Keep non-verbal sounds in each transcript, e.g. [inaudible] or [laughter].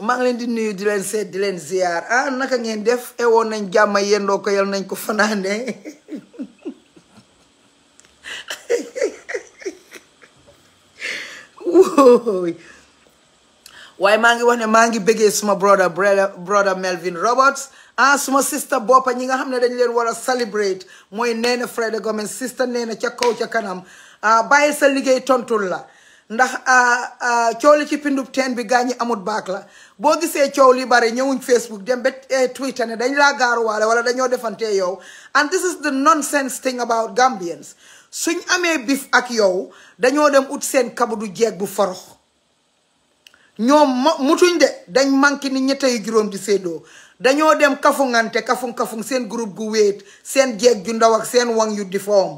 maa ngi leen di nuyu di leen seet di leen ziar ah naka ngeen def ewoon nañ jàmm yendoo ko yal nañ ko fanaane [laughs] wóoy waaye maa ngi wax ne maa ngi bëggee suma brother brother Melvin Roberts ah suma sista boppa ñi nga xam ne dañ leen war a celebrate mooy Néné Fredé Gomez sister Néné ca kaw ca kanam ah bàyyi sa liggéey tontul la ndax ah, ah, coow li ci pindub teen bi gaañi amut baak la boo gisee coow li bare ñëwuñ Facebook dem ba eh, Twitter ne dañ laa gaaruwaale wala dañoo defantee yow and this is the nonsense thing about Gambians suñ amee bif ak yow dañoo dem ut seen kabudu jeeg bu forox ñoom mutuñ de dañ manqué ni ñett yu juróom di séddoo dañoo dem kafungante kafung kafung seen group gu wéet seen jeeg ju ndaw ak seen wang yu di form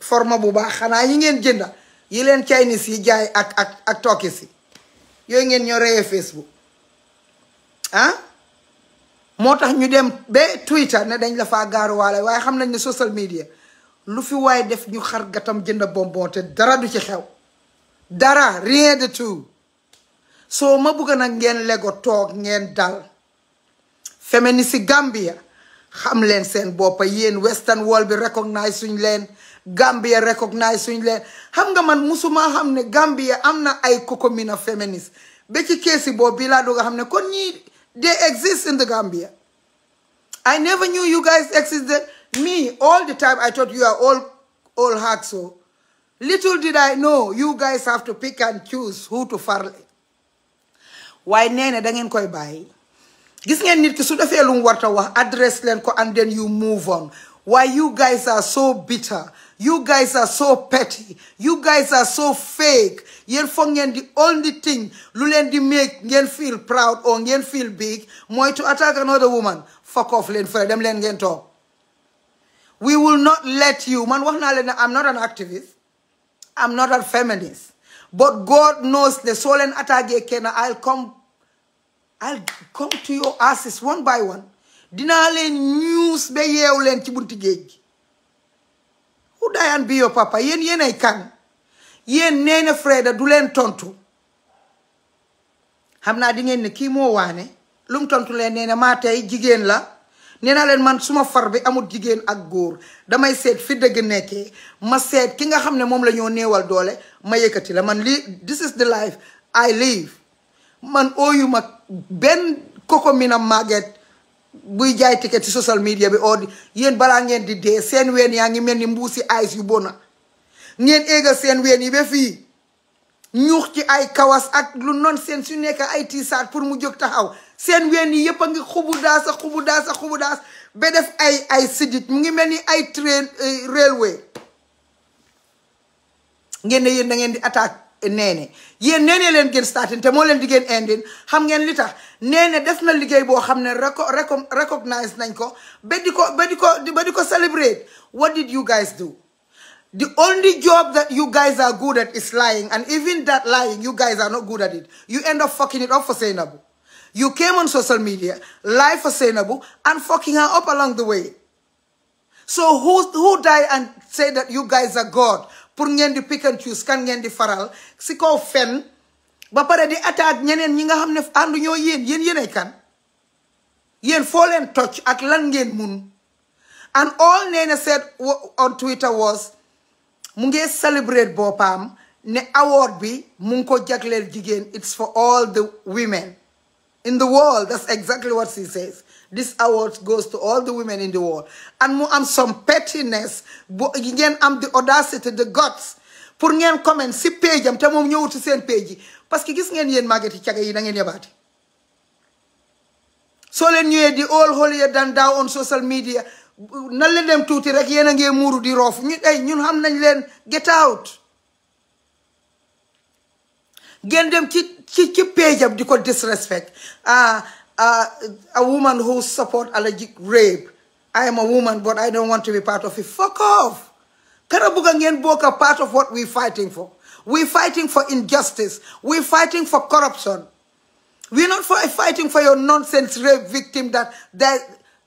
forma bu baax xanaa yi ngeen jënda yi leen Chinese yi jaay ak ak ak tooke si yooyu ngeen ñoo reyee Facebook ah moo tax ñu dem ba Twitter ne dañ la faa gaaruwaale waaye xam nañ ne social media lu fi waaye def ñu xar gatam jënd bonbon te dara du ci xew dara rien de soo ma bëgg nag ngeen lego toog ngeen dal si Gambia xam leen seen boppa yéen western world bi recognize suñ leen Gambia recognize suñ leen xam nga man musuma xam Gambia am na ay kokomina féministe ba ci keesi boobu bii do doog a kon they exist in the Gambia I never knew you guys existed me all the time I thought you are all all hacks so little did I know you guys have to pick and choose who to farle Why? nee na da ngeen koy gis ngeen nit ki su defee lu warta wax address leen ko and then you move on why you guys are so bitter you guys are so petty you guys are so fake yéen foog ngeen di only thing lu leen di make ngeen feel proud or ngeen feel big Moy to attack another woman fuck off leen fere dem leen ngeen toog we will not let you man I'm not an activist I'm not a feminist but God knows the soul and attaqué ken. I'll come I'll come to your asses one by one dinaa leen ñuus ba yeew leen ci buntu géej gi who die and papa yéen yéenay kan yéen nee na Freda du leen tontu xam naa di ngeen ne kii moo waane lu tontu leen nee na maa jigéen la nee naa leen man suma far bi amul jigéen ak góor damay seet fi dëgg nekkee ma seet ki nga xam ne moom lañoo ñoo néewal doole ma yëkkati la man lii this is the life I live man ooyu ma benn koko mi na màgget buy jaay ticket ci social media bi oo yéen balaa ngeen di dee seen ween yaa ngi mel ni mbuus mbuusi ayis yu bona ngeen éegal seen ween yi ba fii ñuux ci ay kawas ak lu non seen su nekk ay tiisaat pour mu jóg taxaw seen ween yi yëpp a ngi xubu daasa xubu daasa xubu daas ba def ay ay sidit mu ngi mel ni ay train eh, railway ngeen yéen da ngeen di attaque Nene, yéen nene, leen gën starting te moo leen di gën ending xam ngeen li tax neene def na liggéey boo xam recognize nañ ko ba di ko ba di ko celebrate what did you guys do the only job that you guys are good at is lying and even that lying you guys are not good at it you end up fucking it up for Sainabou you came on social media lie for Sainabou and fucking her up along the way so who who die and say that you guys are God pour ngeen di pick and choose kan ngeen di faral si kaw fen ba pare di attaque ñeneen ñi nga xam ne ànduñoo yéen yéen yéenay kan yéen foo leen touch ak lan ngeen mun and all Nene said on Twitter was mu ngi celebrate bopam ne award bi mu ngi ko jagleel jigéen it's for all the women in the world that's exactly what she says this award goes to all the women in the world and mu am some pettiness bu ngeen am the audacity the guts pour ngeen comment si page am te moom ñëwut si seen page yi parce que gis ngeen yéen màggati caga yi da ngeen yabaate So leen ñëwee di all holy than down on social media nan la dem tuuti rek yéen a ngee muuru di roof ñu ay ñun xam nañ leen get out ngeen dem ci ci page am di ko disrespect ah uh, a woman who support allergic rape. I am a woman, but I don't want to be part of it. Fuck off. Karabuga Ngenbok are part of what we're fighting for. We're fighting for injustice. We're fighting for corruption. We're not fighting for your nonsense rape victim that there,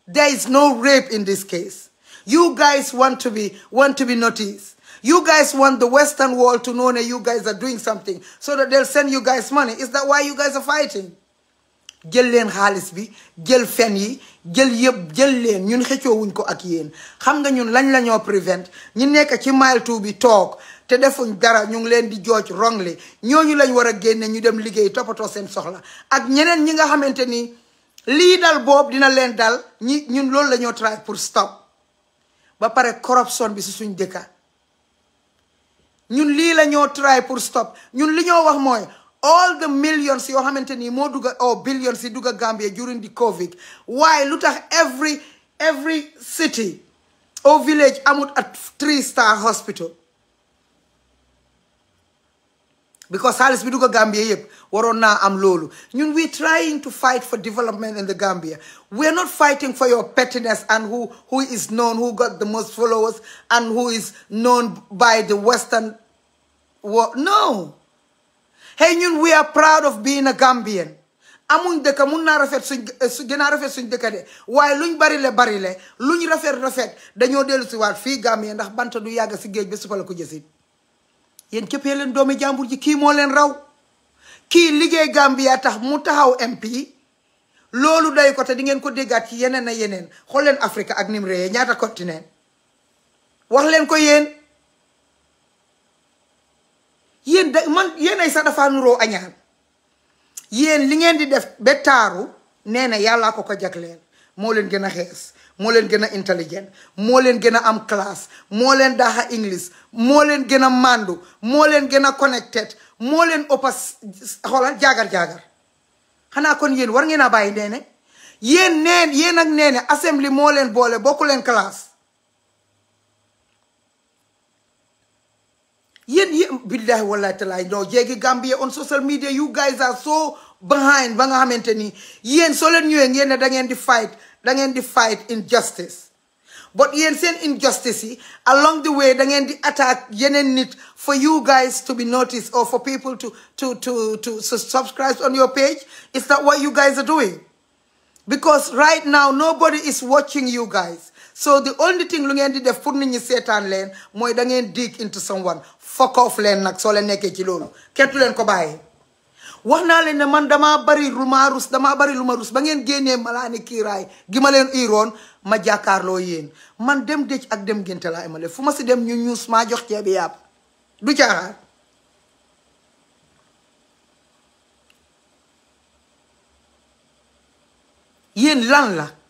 there is no rape in this case. You guys want to be, want to be noticed. You guys want the Western world to know that you guys are doing something so that they'll send you guys money. Is that why you guys are fighting? jël leen xaalis bi jël fen yi jël yëpp jël leen ñun xëccoowuñ ko ak yéen xam nga ñun lañ lañoo ñoo prevent ñu nekk ci mile two bi toog te defuñ gara ñu ngi leen di jooj rongle ñooñu lañ war a génne ñu dem liggéey toppatoo seen soxla ak ñeneen ñi nga xamante ni lii dal boobu dina leen dal ñi ñun loolu lañoo ñoo try pour stop ba pare corruption bi si suñ dëkka ñun lii la ñoo try pour stop ñun li ñoo wax mooy all the millions you have ni in dugg or oh, billions in dugg Gambia during the COVID Why look at every every city or village amut at three star hospital because xaalis bi dugg Gambia on now. i am lolu. We're trying to fight for development in the Gambia we are not fighting for your pettiness and who who is known who got the most followers and who is known by the western world no hey ñun we are proud of being a Gambian amuñ dëkk mun naa rafet suñ eh, su gën a rafet suñ dëkk de waaye luñ bari le bari le luñ rafet rafet dañoo dellu si waat fii Gambie ndax banta du yàgg si géej bi suba la ko jësit yéen képpee leen doomi jàmbur ji kii moo leen raw kii liggéey Gambia tax mu taxaw MP loolu day ko te di ngeen ko déggaat ci yeneen a yeneen xool leen Afrique ak nim réyee ñaata continent wax leen ko yéen yéen da man yéenay a dafa nuroo añaan yéen li ngeen di def ba taaru nee na yàllaa ko ko jagleel moo leen gën a xees moo leen gën a intelligent moo leen gën a am classe moo leen daaxa english moo leen gën a màndu moo leen gën a connected moo leen ëppa xoolal jagar jaagar xanaa kon yéen war ngeen a bàyyi nee ne yéen neen yéen ak nee ne assembly moo leen boole bokku leen classe Yen, yen, billahi wallahi talai, no, jegi Gambia on social media, you guys are so behind, ba nga xamante ni yéen soo leen ngeen da ngeen di fight da ngeen di fight injustice but yen seen injustice along the way da ngeen di attack yeneen nit for you guys to be noticed or for people to to to to subscribe on your page is that what you guys are doing because right now nobody is watching you guys so the only thing lu ngeen di def pour nit ñi seetaan leen mooy da ngeen dig into someone fuck off leen nag soo leen nekkee ci loolu kettu leen ko bàyyi wax naa leen ne man damaa bari lu ma rus damaa bari lu ma rus ba ngeen génnee malaani kiiraay gi ma leen iroon ma jàkkaarloo yéen man dem dëj ak dem génte laa imale fu ma si dem ñu ñuus maa jox ceebi yàpp du caaxaan yéen lan la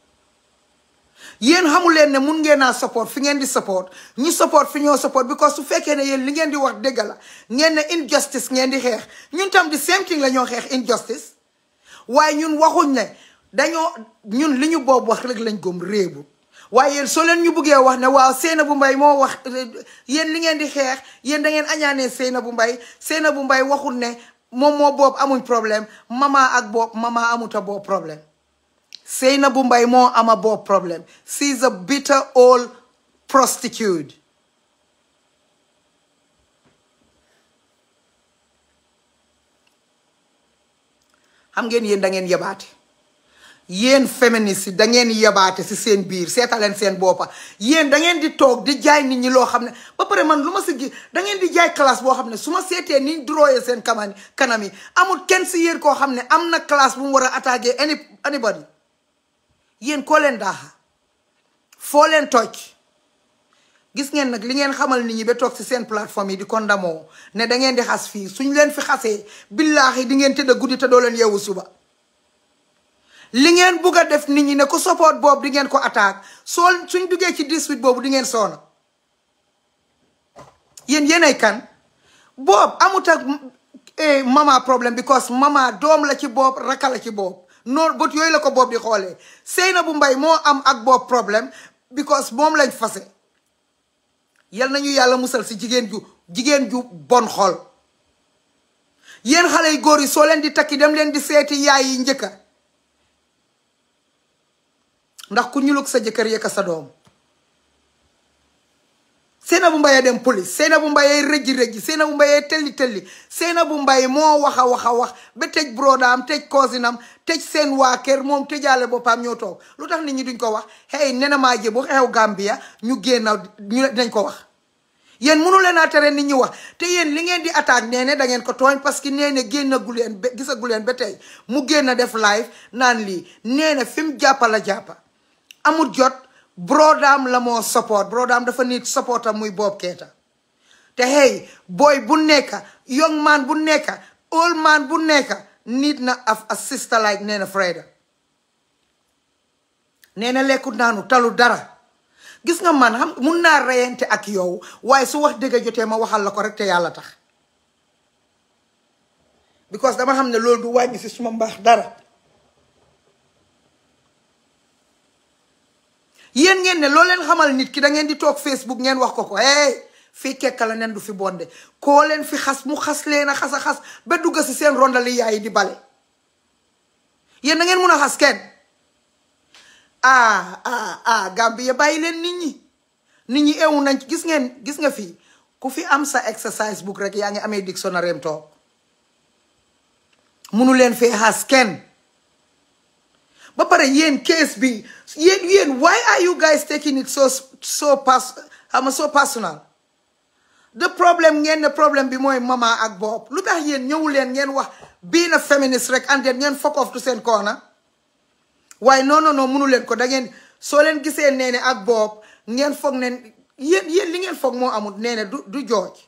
yéen xamul leen ne mun ngeen a support fi ngeen di support ñu support fi ñoo support because su fekkee ne yéen li ngeen di wax dëgg la ngeen ne injustice ngeen di xeex ñun tam di same thing la ñoo xeex injustice waaye ñun waxuñ ne dañoo ñun li ñu boob wax rek lañ gëm réebu waaye yéen soo leen ñu bëggee wax ne waaw bu mbay moo wax yéen li ngeen di xeex yéen da ngeen añaanee mbay Mbye bu mbay waxul ne moom moo boobu amuñ problème mama ak boobu mama amuta boobu problème Sainabou Mbye moo am a boob problème she's a bitter old prostitute xam ngeen yéen da ngeen yebaate yéen féministes yi da ngeen yebaate si seen biir seetaleen seen boppa yéen da ngeen di toog di jaay nit ñi loo xam ne ba pare man lu ma si gis da ngeen di jaay classe boo xam ne su ma seetee niñ droyee seen kanam kanam yi amul kenn si yéen koo xam ne am na classe bu mu war a attaquer any anybody yéen koo leen daaxa foo leen toj gis ngeen nag li ngeen xamal ni ñi ba toog si seen plateforme yi di kondamoo ne da ngeen di xas fii suñ leen fi xasee billaahi di ngeen tëdd guddi te doo leen yeewu suba li ngeen bugg a def ni ñi ne ku support boob di ngeen ko attaque soo suñ duggee ci 18 boobu di ngeen soona yéen yéenay kan boobu amut ak eh, mama problème because mama doom la ci boob raka la ci boob noor bët yooyu la ko Bob di xoolee na bu mbay moo am ak Bob problème because moom lañ fase yal nañu yàlla musal si jigéen ju jigéen ju bon xool yéen xale yu góor yi soo leen di takki dem leen di seeti yaay yi njëkka ndax ku ñulug sa jëkkër yëkka sa doom Sainabou Mbaye dem police Sainabou Mbaye rëjji rëjji Sainabou Mbaye telli telli bu Mbaye moo wax a wax a wax ba tëj brodaam tëj cousinam tëj seen waa kër moom tëjaale boppam ñoo toog lu tax ni ñu duñ ko wax hey nena maa ji bu xew Gambia ñu génnaw ñu dañ ko wax yéen mënu leen a tere ni ñi wax te yéen li ngeen di attaque nee ne da ngeen ko tooñ parce que nee ne génnagu leen ba gisagu leen ba tey mu génn def live naan lii nee na fi mu jàppa la amul jot brodaam la moo support brodaam dafa nit supportam muy Bob Keita te hey boy bu nekka young man bu nekka old man bu nekka niit na af a sister like Nena Freda Nena lekkut naanu talu dara gis nga man xam mun naa reyante ak yow waaye su wax dëgg jotee ma waxal la ko rek te yàlla tax because dama xam ne loolu du wàññi si suma mbaax dara yéen ngeen ne loo leen xamal nit ki da ngeen di toog Facebook ngeen wax ko ko hey fii kekka la nen du fi bonde koo leen fi xas mu xas leen a xas a xas ba dugg si seen rondali yaay di bale yéen da ngeen mun a xas kenn ah ah, ah bàyyi leen nit ñi nit ñi eewu nañ gis ngeen gis nga fii ku fi am sa exercise book rek yaa ngi amee dictionnaire toog munu leen fee xas kenn But pare yen KSB yen yen, why are you guys taking it so so I'm um, so personal the problem yen the problem bi mooy mama ak Bob lu tax yen yen leen being a feminist wreck and then yen fuck off to send corner Why no no no? mënu leen ko da ngeen soo leen gisee nee ne ak Bob ngeen yen ne yéen yéen li ngeen foog moo amul nee George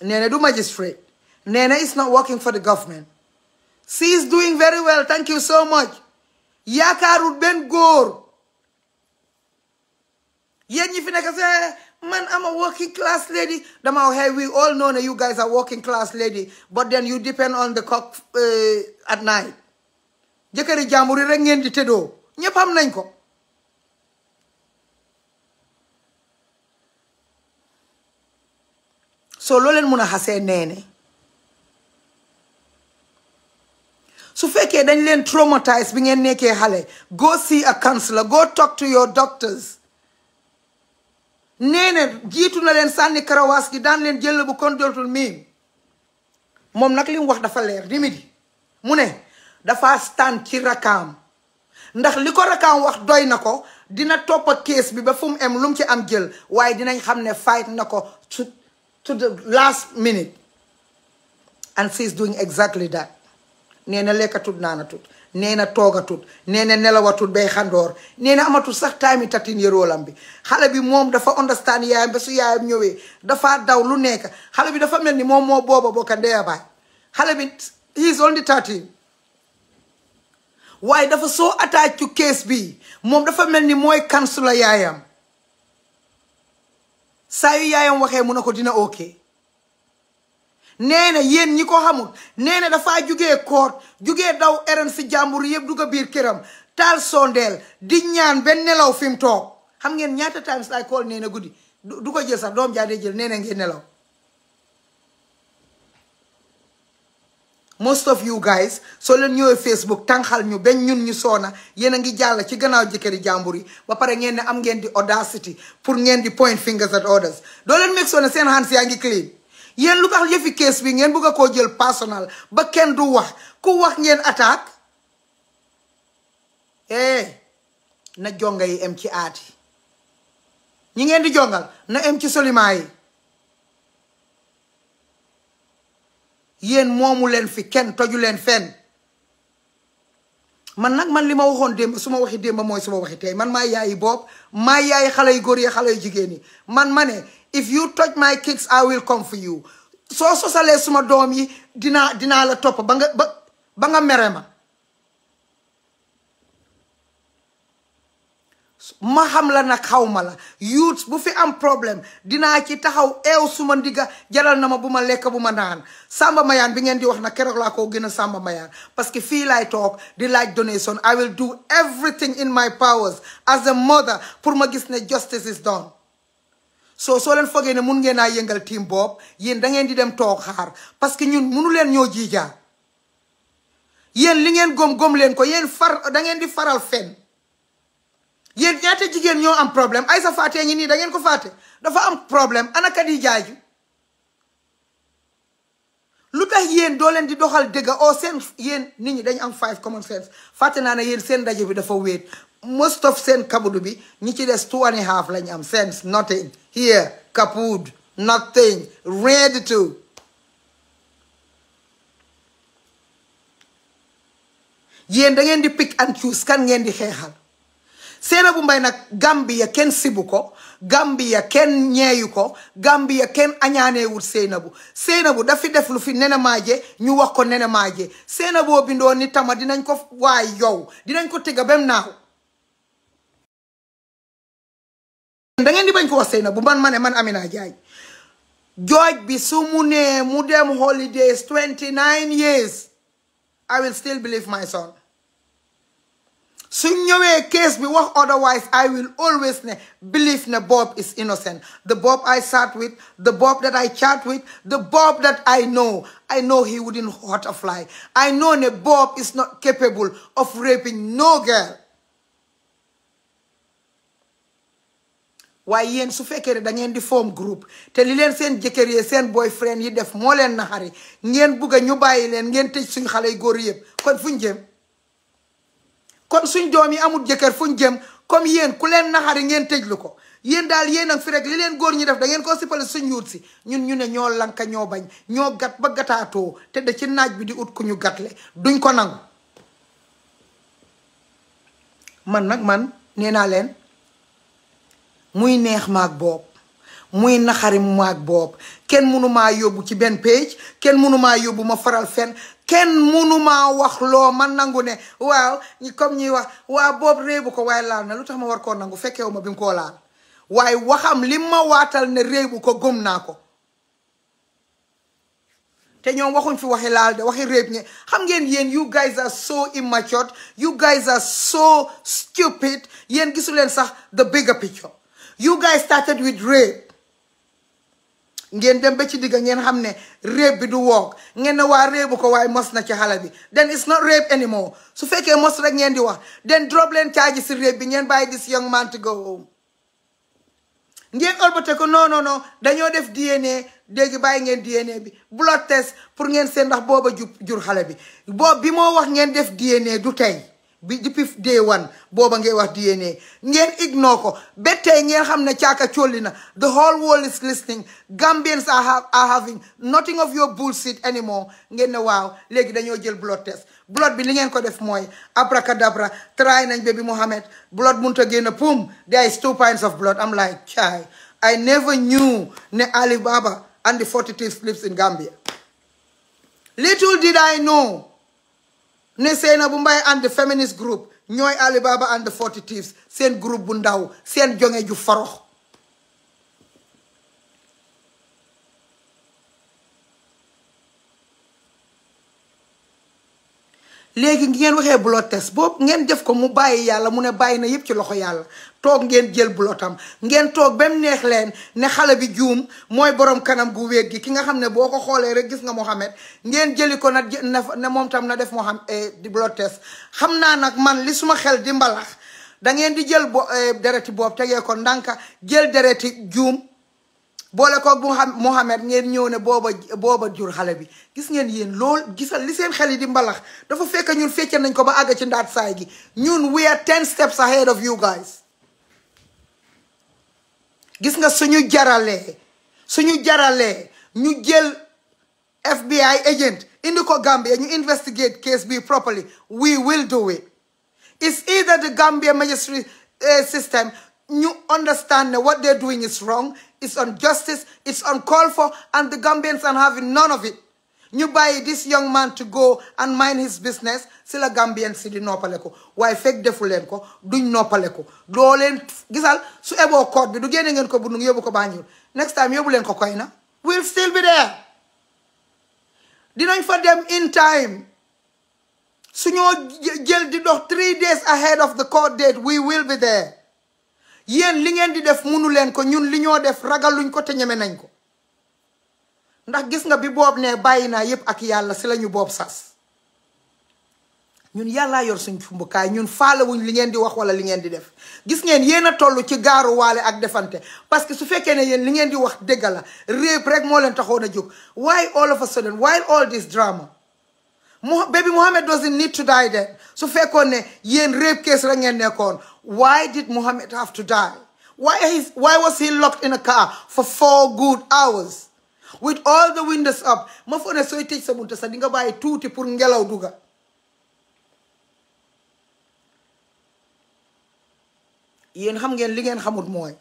nee ne magistrate nene ne it's not working for the government she is doing very well thank you so much yaakaaru benn góor yéen ñi fi nekk see man am a working class lady dama hey we all know that you guys are working class lady but then you depend on the cock eh, at night jëkkëri jàmbur yi rek ngeen di tëddoo ñëpp am nañ ko soo loo leen mun a xasee neene So fekkee dañ leen traumatise bi ngeen nekkee xale go see a counselor go talk to your doctors ne. na jiitu na leen sànni karawaas gi daan leen jël bu kon dootul miim moom nag li mu wax dafa leer di midi dafa stand ci rakaam ndax li ko wax doy na ko dina topp a kees bi ba fu mu em lu mu ci am jël waaye dinañ xam fight na to to the last minute and she's doing exactly that nee na lekkatut naanatut nee na toogatut nee na nelawatut bay xandoor nee na amatul sax taami tatin yëroolam bi xale bi moom dafa understand yaayam ba su yaayam ñëwee dafa daw lu nekk xale bi dafa mel ni moom moo booba bokka ndeya baay xale bi waaye dafa soo attaque ci bi moom dafa mel ni mooy kansula yaayam saa yu yaayam waxee mu ne ko dina ok nee na yéen ñi ko xamul neene na dafaa jugee koot jugee daw eren si jàmbur yëpp dugg biir këram taal sondeel di ñaan benn nelaw fi mu toog xam ngeen ñaata times lay nee na guddi du ko jël sax doom jaa dee jël nee ngee nelaw most of you guys soo leen ñëwee Facebook tànqal ñu benn ñun ñu soona yéen a ngi jàll ci gannaaw jëkkëri jàmbur yi ba pare ngeen ne am ngeen di audacity pour ngeen di point fingers at others doo leen meg soona seen hands yaa ngi clean Yen lu tax yëfi case bi ngeen bëgg ko jël personnel ba kenn du wax ku wax ngeen attaque eh na jonga yi em ci ati ñi ngeen di jongal na em ci yen yi yéen momu len fi kenn toju len fen man nak man lima waxon dem suma waxi dem moy suma waxi tay man ma yaayi boob ma yaayi xale yu yi man mané if you touch my kicks I will come for you soo sosalee suma doom yi dinaa dinaa la topp ba nga ba nga mere ma ma xam la nag xaw ma la youth bu fi am problème dinaa ci taxaw eew suma ndigga jaral na ma bu ma lekk bu ma naan Samba Mayaan bi ngeen di wax nag keroog laa ko gën a Samba Mayaan parce que fii laay toog di laaj donation I will do everything in my powers as a mother pour ma gis ne justice is done soo soo leen fogee ne mun ngeen naa yëngal team boobu yéen da ngeen di dem toog xaar parce que ñun munu leen ñoo jiijaa yéen li ngeen gom gom leen ko yéen far dangeen di faral fen yéen ñaata jigéen ñoo am problème ay sa faatee ñi nii da ngeen ko faate dafa am problème ana Khadija jaaju lu tax yéen doo leen di doxal dëgg oo oh, seen yéen nit ñi dañ am five common sense fàtte naa ne yéen seen daje bi dafa wéet most of seen kabudu bi ñi ci des two and a half lañ am sense nothing here, kaput, nothing, ready to. yéen da ngeen di pick and choose kan ngeen di xeexal bu mbay nag Gambia kenn sibu ko Gambia kenn ñeeyu ko Gambia kenn añaaneewul Sainabou Sainabou dafi def lu fi nene maaje ñu wax ko nene maaje Sainabou bindoo ni tama dinañ ko waay yow dinañ ko tëgga bem naaw da di bañ ko na Sainabou man ma man Amina Jaay jooj bi su mu holidays 29 years I will still believe my son su ñëwee case bi wax otherwise I will always ne believe ne Bob is innocent the Bob I sat with the Bob that I chat with the Bob that I know I know he wouldn't hurt a fly I know ne Bob is not capable of raping no girl waaye yéen su fekkee ne da di form group te li leen seen jëkkër yee seen boyfriend yi def moo leen naxari ngeen bugg a ñu bàyyi leen ngeen tëj suñ xale yu góor yëpp kon ñu jëm kon suñ doom yi amul jëkkër fu ñu jëm comme yéen ku leen naxari ngeen tëj ko yéen daal yéen a fi li leen góor ñi def da ngeen koo sippale suñ yuut si ñun ñu ne ñoo lanka ñoo bañ ñoo gat ba gataatoo te da ci naaj bi di ut ku ñu gat le duñ ko nangu man nag man nee leen muy neex maag boob muy naxari maag boob kenn mënumaa yóbbu ci benn page kenn maa yóbbu ma faral fen kenn mënumaa wax loo ma nangu ne waaw comme ñuy wax waa boob réebu ko waaye laal na lu tax ma war koo nangu fekkewu ma bi mu koo laal waaye waxam li ma waatal ne réebu ko gëm naa ko te ñoom waxuñ fi waxi laal de waxi réeb ñi xam ngeen yéen you guys are so immature you guys are so stupid yéen gisu leen sax the bigger picture you guys started with rape ngeen dem ba ci digga ngeen rape bidu walk woog wa rape ko wa mos na ci xale then it's not rape anymore su fekkee mos rek ngeen di wax then drop leen charges si rape bi ngeen bàyyi this young man to go home ngeen olbate ko no no. non dañoo def DNA léegi bàyyi ngeen DNA bi blood test pour ngeen seen ndax booba jur xale bi boobu bi moo wax ngeen def DNA du tey bi depuis day one booba ngay wax DNA ngeen ignore ko ba ngeen xam ne caaka colli na the whole world is listening Gambians are have are having nothing of your bullshit anymore ngeen ne waaw léegi dañoo jël blood test blood bi li ngeen ko def mooy abracadabra try nañ baby Mohamed blood mënut a génn pum there is two pints of blood I'm like chai I never knew ne Alibaba and the 40 thieves lives in Gambia little did I know ne seena bu mbay and feminist group ñooy Alibaba and forty thieves seen groupe bu ndaw seen jonge ju farox léegi ngeen waxee blood test boobu ngeen def ko mu bàyyi yàlla mu ne bàyyi na yépp ci loxo yàlla toog ngeen jël tam ngeen toog ba neex leen ne xale bi juum mooy borom kanam gu wéet gi ki nga xam ne boo ko xoolee rek gis nga Mohamed ngeen jëli ko nag ne moom tam na def Mohamed eh, di blood test xam naa nag man li suma xel di mbalax da ngeen di jël bo eh, dereti boobu tegee ko ndànka jël dereti juum boole koog Mouhamed ngeen ñëw ne booba booba jur xale bi gis ngeen yéen lool gisal li seen xel yi di mbalax dafa fekk ñun feccee nañ ko ba àgg ci ndaat saay gi ñun we are ten steps ahead of you guys gis nga suñu jaralee suñu jaralee ñu jël FBI agent indi ko Gambia ñu investigate case bi properly we will do it it's either the Gambia magistrate eh, system you understand that what they're doing is wrong, it's injustice, it's uncalled for, and the Gambians are having none of it. You buy this young man to go and mind his business, sila Gambian city no noppaleku. Why fake defu leen Do duñ noppaleku doo leen gisal su eboo code bi du génne ngeen ko Bundung yóbbu ko next time yóbbu leen ko Koyna we'll still be there. dinañ for them in time suñoo jail di dox three days ahead of the court date we will be there. yéen li ngeen di def munu leen ko ñun li ñoo def ragaluñ ko te ñeme nañ ko ndax gis nga bi boob ne bàyyi naa yépp ak yàlla si lañu boob sas ñun yàllaa yor suñ fumbukaay ñun faalewuñ li ngeen di wax wala li ngeen di def gis ngeen yéen a toll ci gaaru waale ak defante parce que su fekkee ne yéen li ngeen di wax dëgg la réep rek moo leen taxoon a jóg why all of a sudden why all this drama baby Mohammed doesn't need to die de su fekkoon ne yéen réep kees rek ngeen nekkoon Why did Muhammad have to die? Why, is, why was he locked in a car for four good hours? With all the windows up. Ma fone soy tej sa bunta sa dinga baye tuuti pour ngelaw duga. Yeen xam ngeen li moy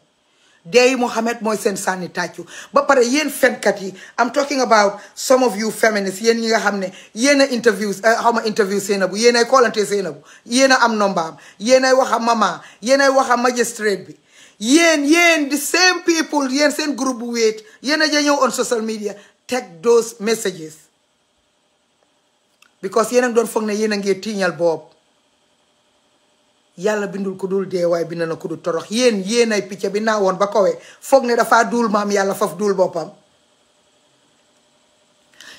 Dey Mohammed mooy seen sànni tàccu ba pare yéen fenkat am talking about some of you feminists yéen ñi nga xam ne how a interviews eh, xaw ma interview Sainabou yéen ay say Sainabou yen a am nombaam yen i waha mama yen i waha magistrate bi yen yéen the same people yen same group wait. Yen a ja on social media take those messages because yen a ngi fong na yen yéen a ngee tiiñal yàlla bindul ko dul dee waaye bind na ko dul torox yéen yéen ay picc bi naa woon ba kowee foog ne dafaa duul maam yàlla faf dul boppam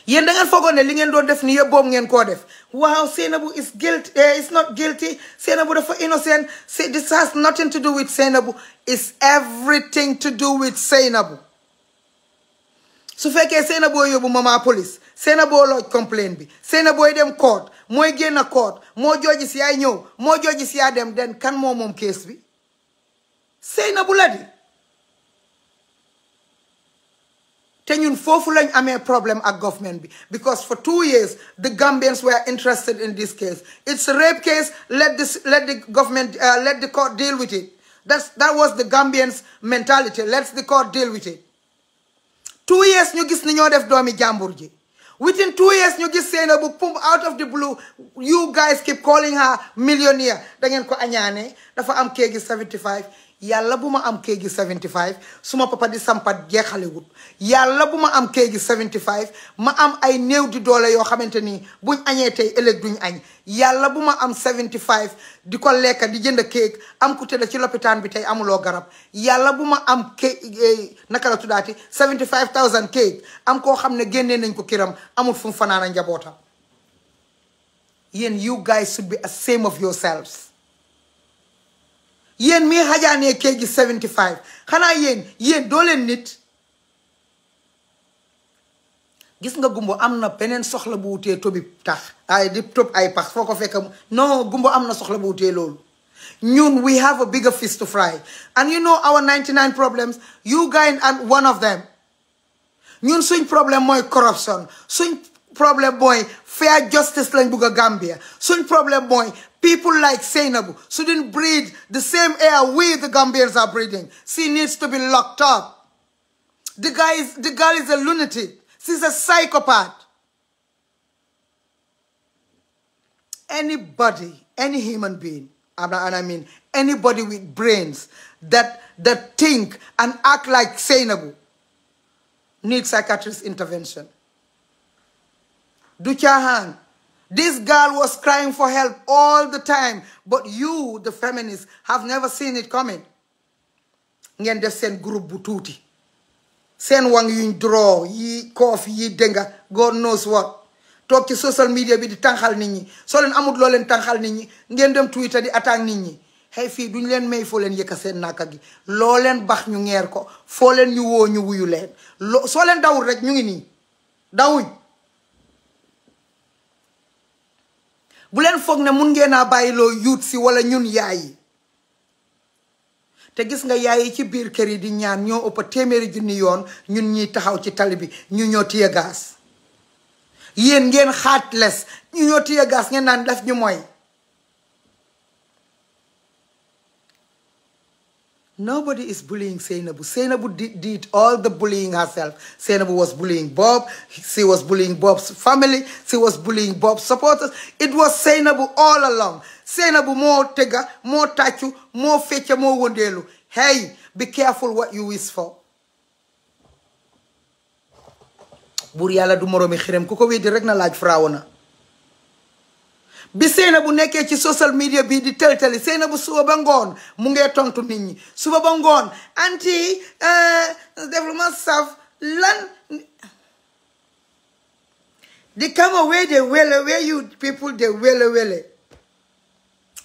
yéen da foogoon ne li ngeen doon def ni yëpp boobu ngeen koo def waaw Sainabou is guilty eh, is not guilty Sainabou dafa innocent this has nothing to do with Sainabou is everything to do with Sainabou su fekkee Sainabou yóbbu mama police seena boo lodge complain bi seena booy dem court mooy génn court Mo jooji si yaay ñëw Mo jooji si yaa dem den kan mo moom case bi Seynabou la di te ñun foofu lañ ame problème ak government bi because for two years the Gambians were interested in this case it's a rape case let this let the government uh, let the court deal with it that's that was the Gambians mentality let the court deal with it two years ñu gis ni ñoo def doomi jàmbur ji Within two years ñu gis Sainabou boom, out of the blue you guys keep calling her millionaire da ngeen that's why i am keegi 75 yàlla bu ma am kéegi 75 suma papa di sampat jeexalewut yàlla bu ma am kéegi 75 ma am ay néew di doole yoo xamante ni buñ añee tey ëllëg duñ añ yàlla bu ma am 75 di ko lekka di jënd kéeg am ku tëdd ci lopitaan bi tey amuloo garab yàlla bu ma am ké eh, naka la tuddaati 75000 kéeg am koo xam ne génnee nañ ko kiram amul fu mu fanaan a njaboota yéen you guys should be ashamed of yourselves yéen mi xajaanee kéegi 75 Kana yen yen doo nit gis nga gumbo penen na beneen soxla bu wutee tobi tax ay di tob ay pax foo ko fekk non gumbo soxla bu ñun we have a bigger fish to fry and you know our 99 problems you guys and one of them ñun suñ problem boy corruption suñ problem boy fair justice lañ Buga, Gambia Soon problem, boy, people like Sainabou shouldn't breathe the same air we the Gambians are breathing she needs to be locked up the guy is the girl is a lunatic she's a psychopath anybody any human being and I mean anybody with brains that that think and act like Sainabou needs psychiatrist intervention Duchahan. This girl was crying for help all the time. But you, the feminists, have never seen it coming. ngeen def seen groupe bu tuuti seen wang yuñ draw yi koof yi dënga God knows what toog ci social media bi di tànxal nit ñi soo leen amut loo leen tànxal nit ñi Twitter di atang nit Hey fi fii duñ leen may foo leen yëkka seen naka gi loo leen bax ñu ngeer ko foo leen ñu woo ñu wuyu leen loo soo rek ñu ngi nii dawuñ bu leen foog ne mun ngeen a bàyyiloo yuut si wala ñun yaay yi te gis nga yaay yi ci biir kër yi di ñaan ñoo ëpp téeméeri junni yoon ñun ñi taxaw ci tali bi ñu ñoo tiye gaas yéen ngeen xaat ñu ñoo tiye gaas ngeen naan def ñu moy Nobody is bullying Sainabu. Sainabu did, did, all the bullying herself. Sainabu was bullying Bob. She was bullying Bob's family. She was bullying Bob's supporters. It was Sainabu all along. Sainabu more tega, more tachu, more fecha, more wondelu. Hey, be careful what you wish for. Buriala du morom xirem ku ko wédi rek na bi Seynabou nekkee ci social media bi di tëltali Seynabou suba ba ngoon mu ngee tontu nit ñi suba ba ngoon anti euh, development saf lan They come away they will away you people they wele away.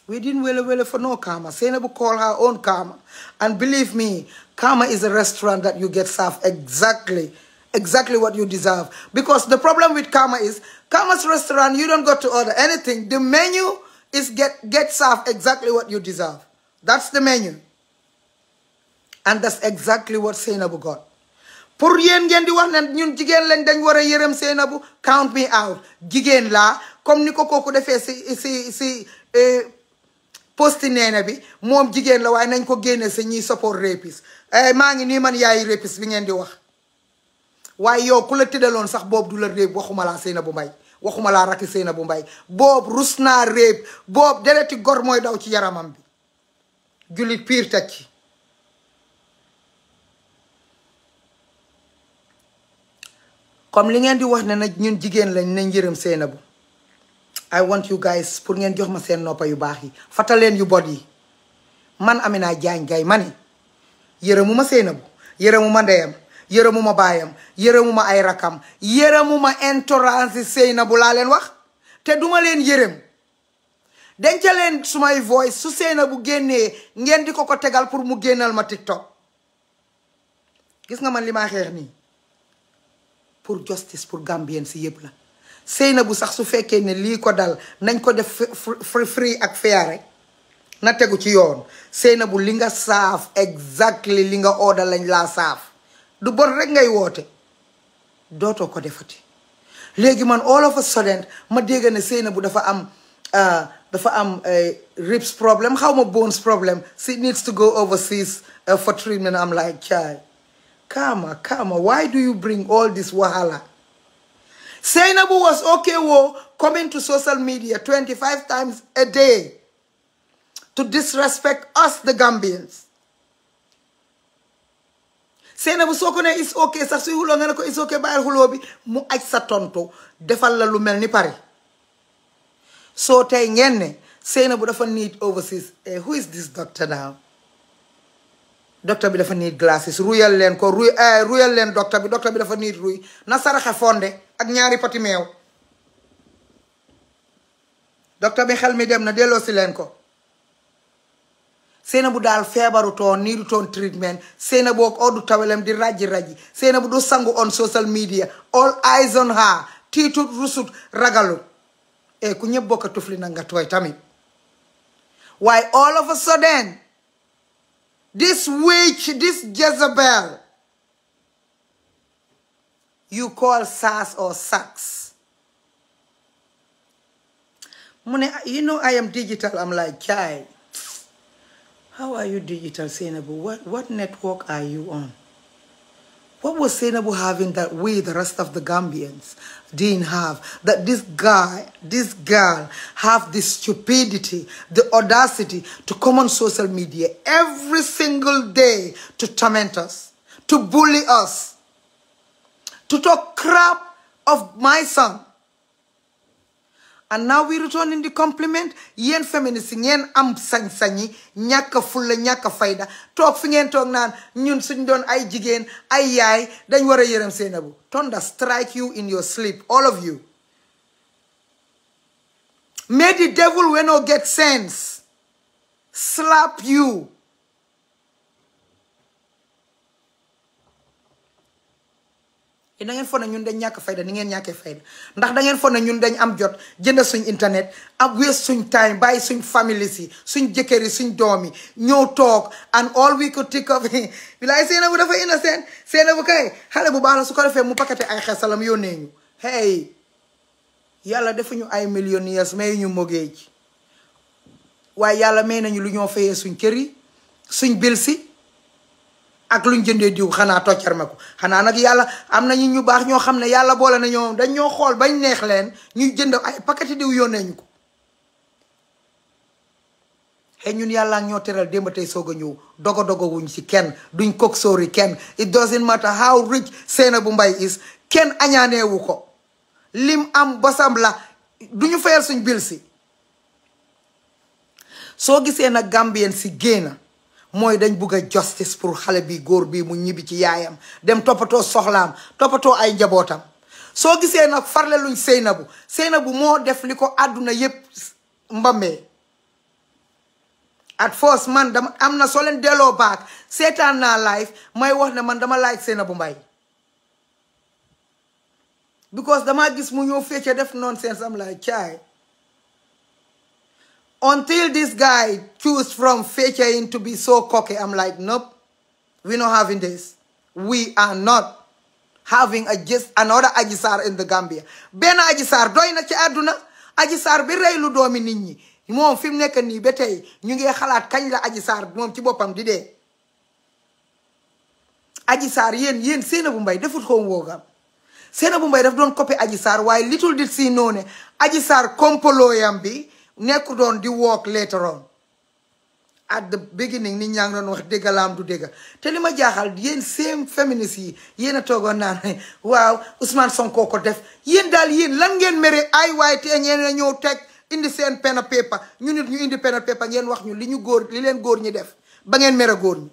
we didn't wele away for no karma Seynabou call her own karma and believe me karma is a restaurant that you get served exactly exactly what you deserve. Because the problem with Karma is, Karma's restaurant, you don't got to order anything. The menu is get, get served exactly what you deserve. That's the menu. And that's exactly what saying got. pour di wax ñun lañ dañ yërëm count me out comme eh, bi la nañ ko génne support eh, man bi ngeen di wax waaye yow ku la tëddaloon sax boob du la réeb waxuma laa Seynabou Mbaye waxuma laa rakki bu Mbaye boobu rus naa réeb boobu dereti gor mooy daw ci yaramam bi jullit piir teg ci comme li ngeen di wax ne na ñun jigéen lañ nañ yërëm Seynabou I want you guys pour ngeen jox ma seen noppa yu baax yi fataleen yu bon yi man Amina Diagne Gaye ma ne yërëmuma Seynabou yërëmuma ndeyam yërëmuma baayam yërëmuma ay rakam yërëmuma intolérance yi sëy na bu laa leen wax te duma leen yërëm denc leen su may voice su sëy na bu génnee ngeen di ko ko tegal pour mu génnal ma TikTok gis nga man li maa xeex nii pour justice pour Gambien si yëpp la sëy na bu sax su fekkee ne lii ko dal nañ ko def free ak fair rek na tegu ci yoon sëy na bu li nga saaf exactly li nga oda lañ laa saaf du bor rek ngay woote dootoo ko defati léegi man all of a sudden ma dégg ne Sainabou dafa am euh, dafa am euh, ribs problem xaw ma bones problem she needs to go overseas euh, for treatment i am like caay kaama kaama why do you bring all this wahala Sainabou was okay woo coming to social media 25 times a day to disrespect us the Gambians Seynabou na ko nee is ok sax suy xuloo nga ko is ok bàyyil xuloo bi mu aj sa tontu defal la lu mel ni Paris soo tey ngeen ne dafa need overseas eh, who is this doctor now Doctor bi dafa need glasses ruyal leen ko ruy eh, ruyal leen docteur bi docteur bi dafa need ruy Nasara saraxe fonde ak ñaari pati meew docteur bi xel mi dem na si ko seynabu dal feebaru toon niidu toon treatment seynabu ok odu tawelem di rajji rajji seynabu do sangu on social media all eyes on her tiitut rusut ragalu e ko ñebbo na tuflinanga toy tami why all of a sudden this witch this jezebel you call sass or sax Money, you know i am digital i'm like child how are you digital, Sainable? What, what network are you on? What was Sainable having that we, the rest of the Gambians, didn't have? That this guy, this girl, have the stupidity, the audacity to come on social media every single day to torment us, to bully us, to talk crap of my son and now we return in the compliment Yen feminist, yen ngeen am sañ-sañ yi ñàkk fulla ñàkk fayda toog fi ngeen toog naan ñun suñ doon ay jigéen ay yaay dañ war a yërëm thunder strike you in your sleep all of you may the devil when no get sense slap you yéen da ngeen foog ñun dañ ñàkk fay ni ngeen ñàkkee fayda ndax da ngeen foog ñun dañ am jot jënd suñ internet ab wees suñ time bàyyi suñ family si suñ jëkkër yi suñ doom yi ñoo toog and all we could think of [laughs] bilaay Sainabou dafa innocent Sainabou kay xale bu baax la su ko defee mu pakate ay xesalam yónnee ñu hey yàlla defuñu ay millionnaires may ñu mogee ji waaye yàlla may nañu lu ñoo fayee suñ kër yi suñ bil si ak luñ jëndee diw xanaa toccar ma xanaa nag yàlla am na ñu ñu baax ñoo xam ne yàlla boole na ñoom dañ ñoo xool bañ neex leen ñuy jënd ay pakati diw yónnee ñu ko xëy ñun yàlla ñoo teral démb tey soog a ñëw dogo dogo wuñ si kenn duñ kog sóori kenn it doesn't matter how rich Sainabou Mbye is kenn añaaneewu ko lim am basam la ñu fayal suñ bil si soo gisee nag Gambien si génna mooy dañ bugg a justice pour xale bi góor bi mu ñibbi ci yaayam dem toppatoo soxlaam toppatoo ay njabootam soo gisee nag farle luñ Seynabu Seynabu moo def li ko àdduna yépp mbame at force man dama am na soo leen delloo baak seetaan naa live may wax ne man dama laaj Seynabu Mbay because damaa gis mu ñëw fecce def noonu seen sam laaj caay until this guy choose from featuring to be so cocky, I'm like, nope, we're not having this. We are not having a just another Ajisar in the Gambia. Ben Ajisar, doy na ci aduna, Ajisar bi rey lu doomi do ñi. Moom fi mu nekk nii ba tey ñu ngi xalaat kañ la Ajisar moom ci boppam di dee. Ajisar yéen yéen Sainabou Mbye defut ko woogam. Sainabou Mbye daf doon copy Ajisar Why little did see none? ne Ajisar kompolooyam nekku doon di wook later on at the beginning nit ñaa ngi doon wax dégg du dégg te li ma jaaxal yéen seen féministes yi yéen a toogoon naan [laughs] waaw Ousmane Sonko ko def yéen daal yéen lan ngeen mere ay waay te ñeen a ñëw teg indi seen pen ak paper ñu nit ñu indi pen a paper ngeen wax ñu li ñu góor li leen góor ñi def ba ngeen mere góor ñi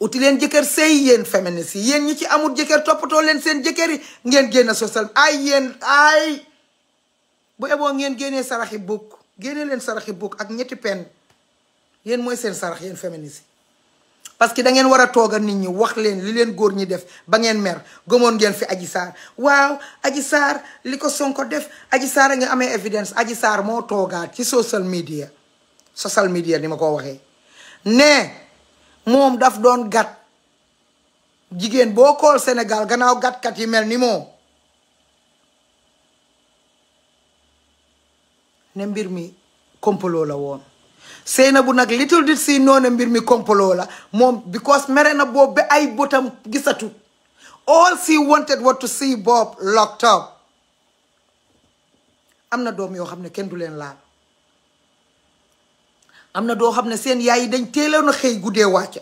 uti leen jëkkër sëy yéen féministes yi yéen ñi ci amul jëkkër toppatoo leen seen jëkkër yi ngeen génn social a yéen ay bu ebo ngeen gene saraxi bokk gene len saraxi bokk ak ñetti pen yeen moy seen sarax yeen féministes parce que da ngeen wara toga nit ñi wax leen li leen ñi def ba ngeen mer gomon ngeen fi aji wow waw aji sar liko Sonko def aji sar nga amé evidence aji sar mo toga ci social media social media ni mako waxé né mom daf doon gat bo kol senegal, ganaw gat kat yi mel ni mom ne mbir mi kompaloo la woon bu nag little did she know mbir mi kompaloo la moom because mere na boobu ba ay botam gisatu all she wanted was to see Bob locked up am na doom yoo xam ne kenn du leen laal am na doo xam ne seen yaay yi dañ teeloon a xëy guddee wàcca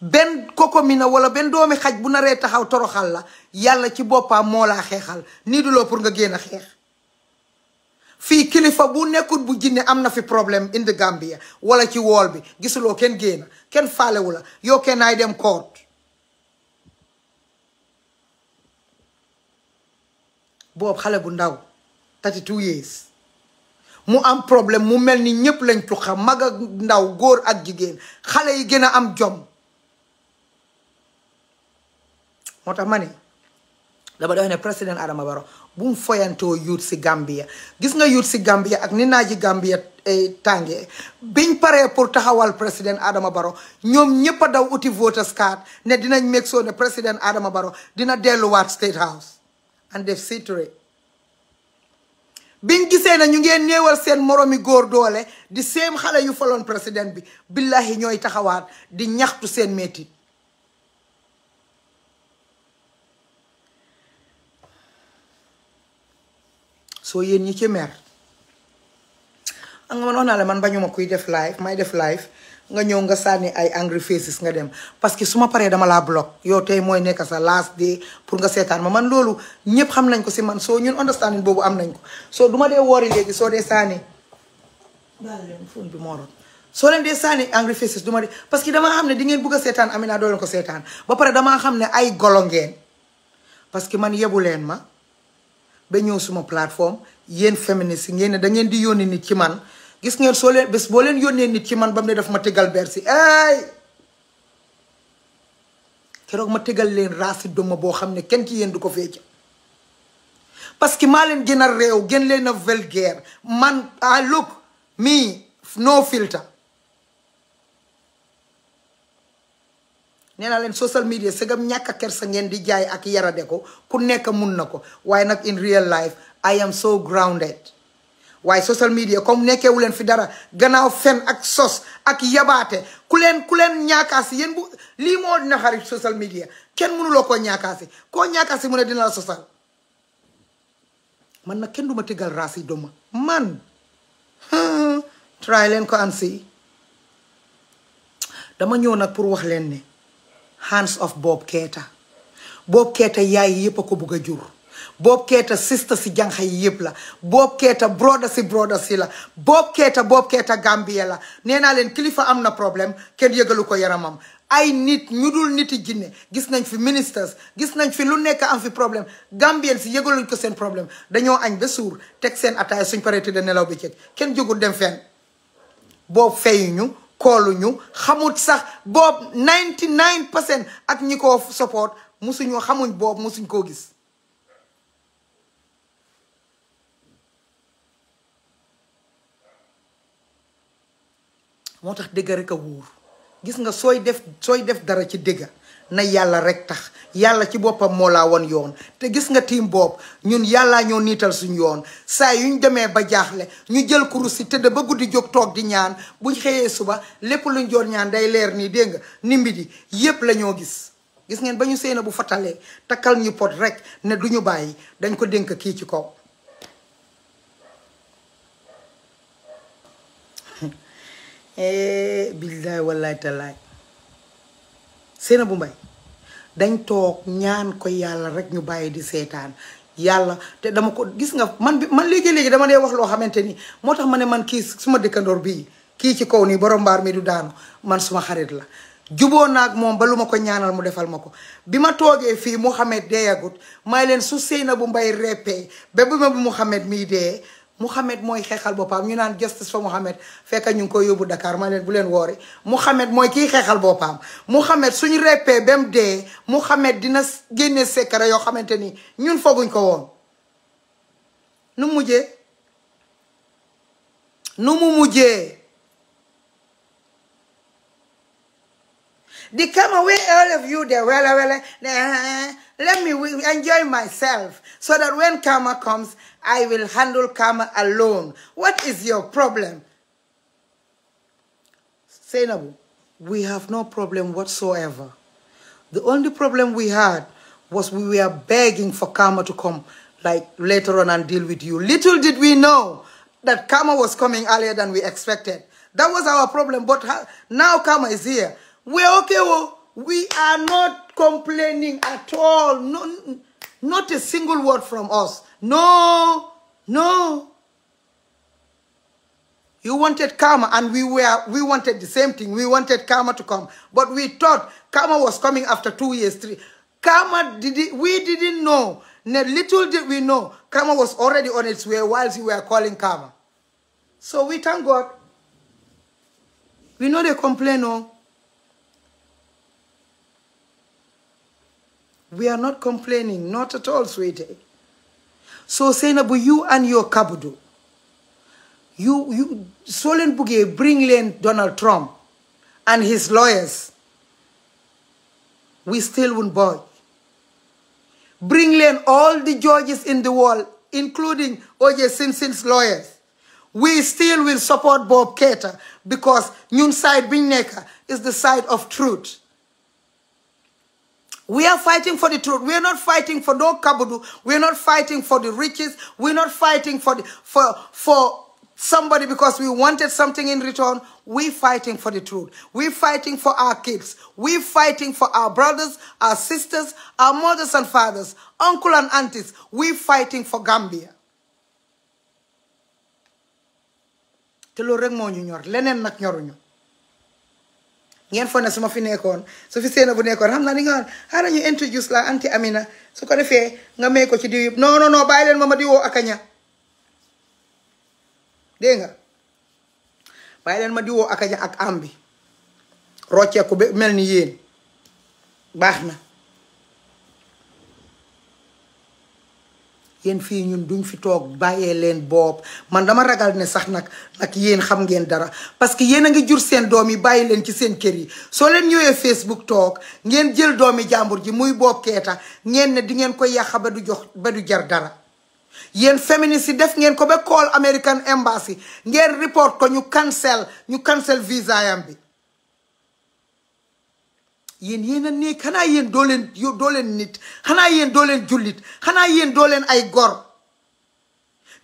benn koko na wala benn doomi xaj bu naree taxaw toroxal la yàlla ci boppam moo laa xeexal nii du loo pour nga génn a xeex fii kilifa bu nekkul bu jinne am na fi problème indi Gambia wala ci wool bi gisuloo kenn génn kenn faalewu la yoo kenn ay dem koot boobu xale bu ndaw thirty two years mu am problème mu mel ni ñëpp lañ tuxa mag ak ndaw góor ak jigéen xale yi gën a am jom moo tax ma dama doon ne président Adama Barrow bu mu yuut si Gambia gis nga yuut si Gambia ak ni naaj ji Gambia eh, tàngee biñ paree pour taxawal président Adama Barrow ñoom ñëpp a daw uti voters card ne dinañ make sure ne président Adama Barrow dina delluwaat State House and def sitre biñ gisee na ñu ngeen néewal seen moromi góor doole di same xale yu faloon président bi billahi ñooy taxawaat di ñaxtu seen métit soo yéen ñi ci mer nga man wax naa la man bañuma kuy def live may def live nga ñëw nga sànni ay angry faces nga dem parce que su ma paree dama laa block yow tey mooy nekk sa last day pour nga seetaan ma man loolu ñëpp xam nañ ko si man soo ñun understanding boobu am nañ ko soo duma dee woori léegi soo dee sànni fóon bi soo leen dee sànni angry faces duma parce que dama xam ne di ngeen bëgg a seetaan Amina doo leen ko seetaan ba pare damaa xam ne ay golo ngeen parce que man yebu leen ma ba ñëw suma plateforme yéen féministes yi ngeen ne da ngeen di yónni nit ci man gis ngeen soo leen bés boo leen yónnee nit ci man ba mu ne daf ma tegal bersi ay keroog ma tegal leen raasi duma boo xam ne kenn ci yéen du ko fecc parce que maa leen gën a réew gën leen a vulgaire man I ah, look me no filter nee leen social media sëgam ñàkk a kersa ngeen di jaay ak yarade ko ku nekk mun na ko waaye nag in real life I am so grounded waaye social media comme nekkeewu leen fi dara gannaaw fen ak sos ak yabaate ku leen ku leen ñaakaasi yéen bu lii moo dina xarit social media kenn mënuloo koo ñaakaasi koo ñaakaasi mu ne dina la sosal man nag kenn duma tëggal raas yi doma man try leen ko ansi dama ñëw nag pour wax leen ne hands off Bob Keita Bob Keita yaay yépp a ko bëgg a jur Bob Keita sister si janxa yi yépp la Bob Keita brother si brother si la Bob Keita Bob Keita Gambie la nee naa leen kilifa am na problème kenn yëgalu ko yaramam ay nit ñu dul niti jinne gis nañ fi ministers gis nañ fi lu nekk am fi problème Gambien si yëgaluñ ko seen problème dañoo añ ba suur teg seen ataaya suñ paree tëdd nelaw bi ceeg kenn jógul dem fenn boobu ñu kooluñu xamut sax boobu 99 pour cent ak ñi ko support musuñu xamuñ boobu musuñ koo gis moo tax dëgg rek a wóor gis nga sooy def sooy def dara ci dëgg na yàlla rek tax yàlla ci boppam moo laa woon yoon te gis nga tiim boobu ñun yàlla ñoo niital suñ yoon saa yu ñu demee ba jaaxle ñu jël kurus si tëdd ba guddi jóg toog di ñaan buñ xëyee suba lépp luñ joon ñaan day leer nii dégg nga nimbi di yépp la gis gis ngeen ba ñu seen bu fattalee takkal ñu pot rekk ne duñu bàyyi dañ ko dénk kii ci kaw [laughs] eh, billaay wallaay talaay seen bu mbay dañ toog ñaan ko yàlla rek ñu bàyyi di seetaan yàlla te dama ko gis nga man bi man léegi-léegi dama dee wax loo xamante ni moo tax ma ne man kii suma dëkkandoor bii kii ci kaw nii borom mbaar mi du daanu man suma xarit la juboo naag moom ba lu ma ko ñaanal mu defal ma ko bi ma toogee fii mu Mouhamed deeyagut may leen su na bu Mbay reppee ba bi ma bu Mouhamed miy dee Mouhamed mooy xeexal boppam ñu naan justice fa Mouhamed fekk ñu ngi koy yóbbu dakaar ma leen bu leen woori Mouhamed mooy kiy xeexal boppam Mouhamed suñu reppee ba mu dee Mouhamed dina génne secret yoo xamante ni ñun fooguñ ko woon nu mujjee nu mu mujjee They come away, all of you, they're well, well, uh, uh, uh, let me enjoy myself so that when karma comes, I will handle karma alone. What is your problem? no. we have no problem whatsoever. The only problem we had was we were begging for karma to come like later on and deal with you. Little did we know that karma was coming earlier than we expected. That was our problem, but now karma is here. We're okay, well, we are not complaining at all. No, not a single word from us. No, no. You wanted karma, and we were we wanted the same thing. We wanted karma to come, but we thought karma was coming after two years, three. Karma did it, we didn't know. Little did we know, karma was already on its way whilst we were calling karma. So we thank God. We know they complain, no. We are not complaining, not at all, sweetie. So Seinabu, you and your kabudu, you, you, Solen Bouguer, bring in Donald Trump and his lawyers. We still won't budge. Bring in all the judges in the world, including OJ Simpson's lawyers. We still will support Bob Keita because Nyun side Binneka is the side of truth. We are fighting for the truth. We are not fighting for no kabudu. We are not fighting for the riches. We are not fighting for the, for for somebody because we wanted something in return. We fighting for the truth. We fighting for our kids. We fighting for our brothers, our sisters, our mothers and fathers, uncle and aunties. We fighting for Gambia. Telo rek mo ñu ñor leneen nak ñoruñu ngeen foog ne su ma fi nekkoon su fi seena bu nekkoon xam na ni nga xam xaaral ñu introduce la anti Amina su ko defee nga may ko ci diw yëpp noo non non bàyyi leen ma ma diwoo akaña dégg nga bàyyi leen ma diwoo akaña ak am bi rocceeku ba mel ni yéen baax na. yéen fii ñun duñ fi toog bàyyee leen boob man dama ragal ne sax nag nag yéen xam ngeen dara parce que yéen a ngi jur seen doom yi bàyyi leen ci seen kër yi soo leen ñëwee Facebook toog ngeen jël doomi jàmbur ji muy boob keeta ngeen ne di ngeen ko yàq ba du jox ba du jar dara yéen féministes yi def ngeen ko ba call American Embassy ngeen report ko ñu cancel ñu cancel visa yam bi yéen yéen a nekk xanaa dolen doo leen nit xanaa yéen doo leen jullit xanaa yéen doo leen ay gor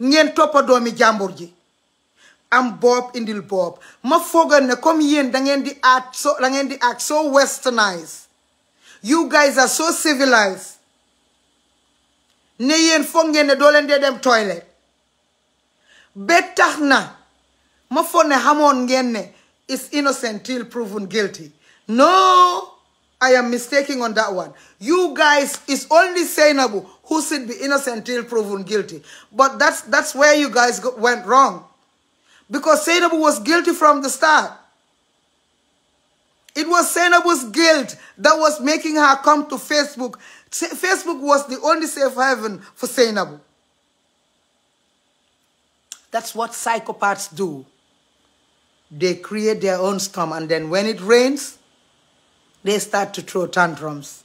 ngeen toppa doomi jàmbur ji am bob indil boob ma foogal ne comme yéen da ngeen di act so da ngeen di act so westernized you guys are so civilized ne yéen foog ngeen ne doo leen dem toilet ba tax na ma foog ne xamoon ne is innocent till proven guilty no I am mistaking on that one. You guys is only saying who should be innocent till proven guilty. But that's that's where you guys go, went wrong. Because Zainabu was guilty from the start. It was Zainabu's guilt that was making her come to Facebook. Facebook was the only safe haven for Zainabu. That's what psychopaths do. They create their own storm and then when it rains, they start to throw tantrums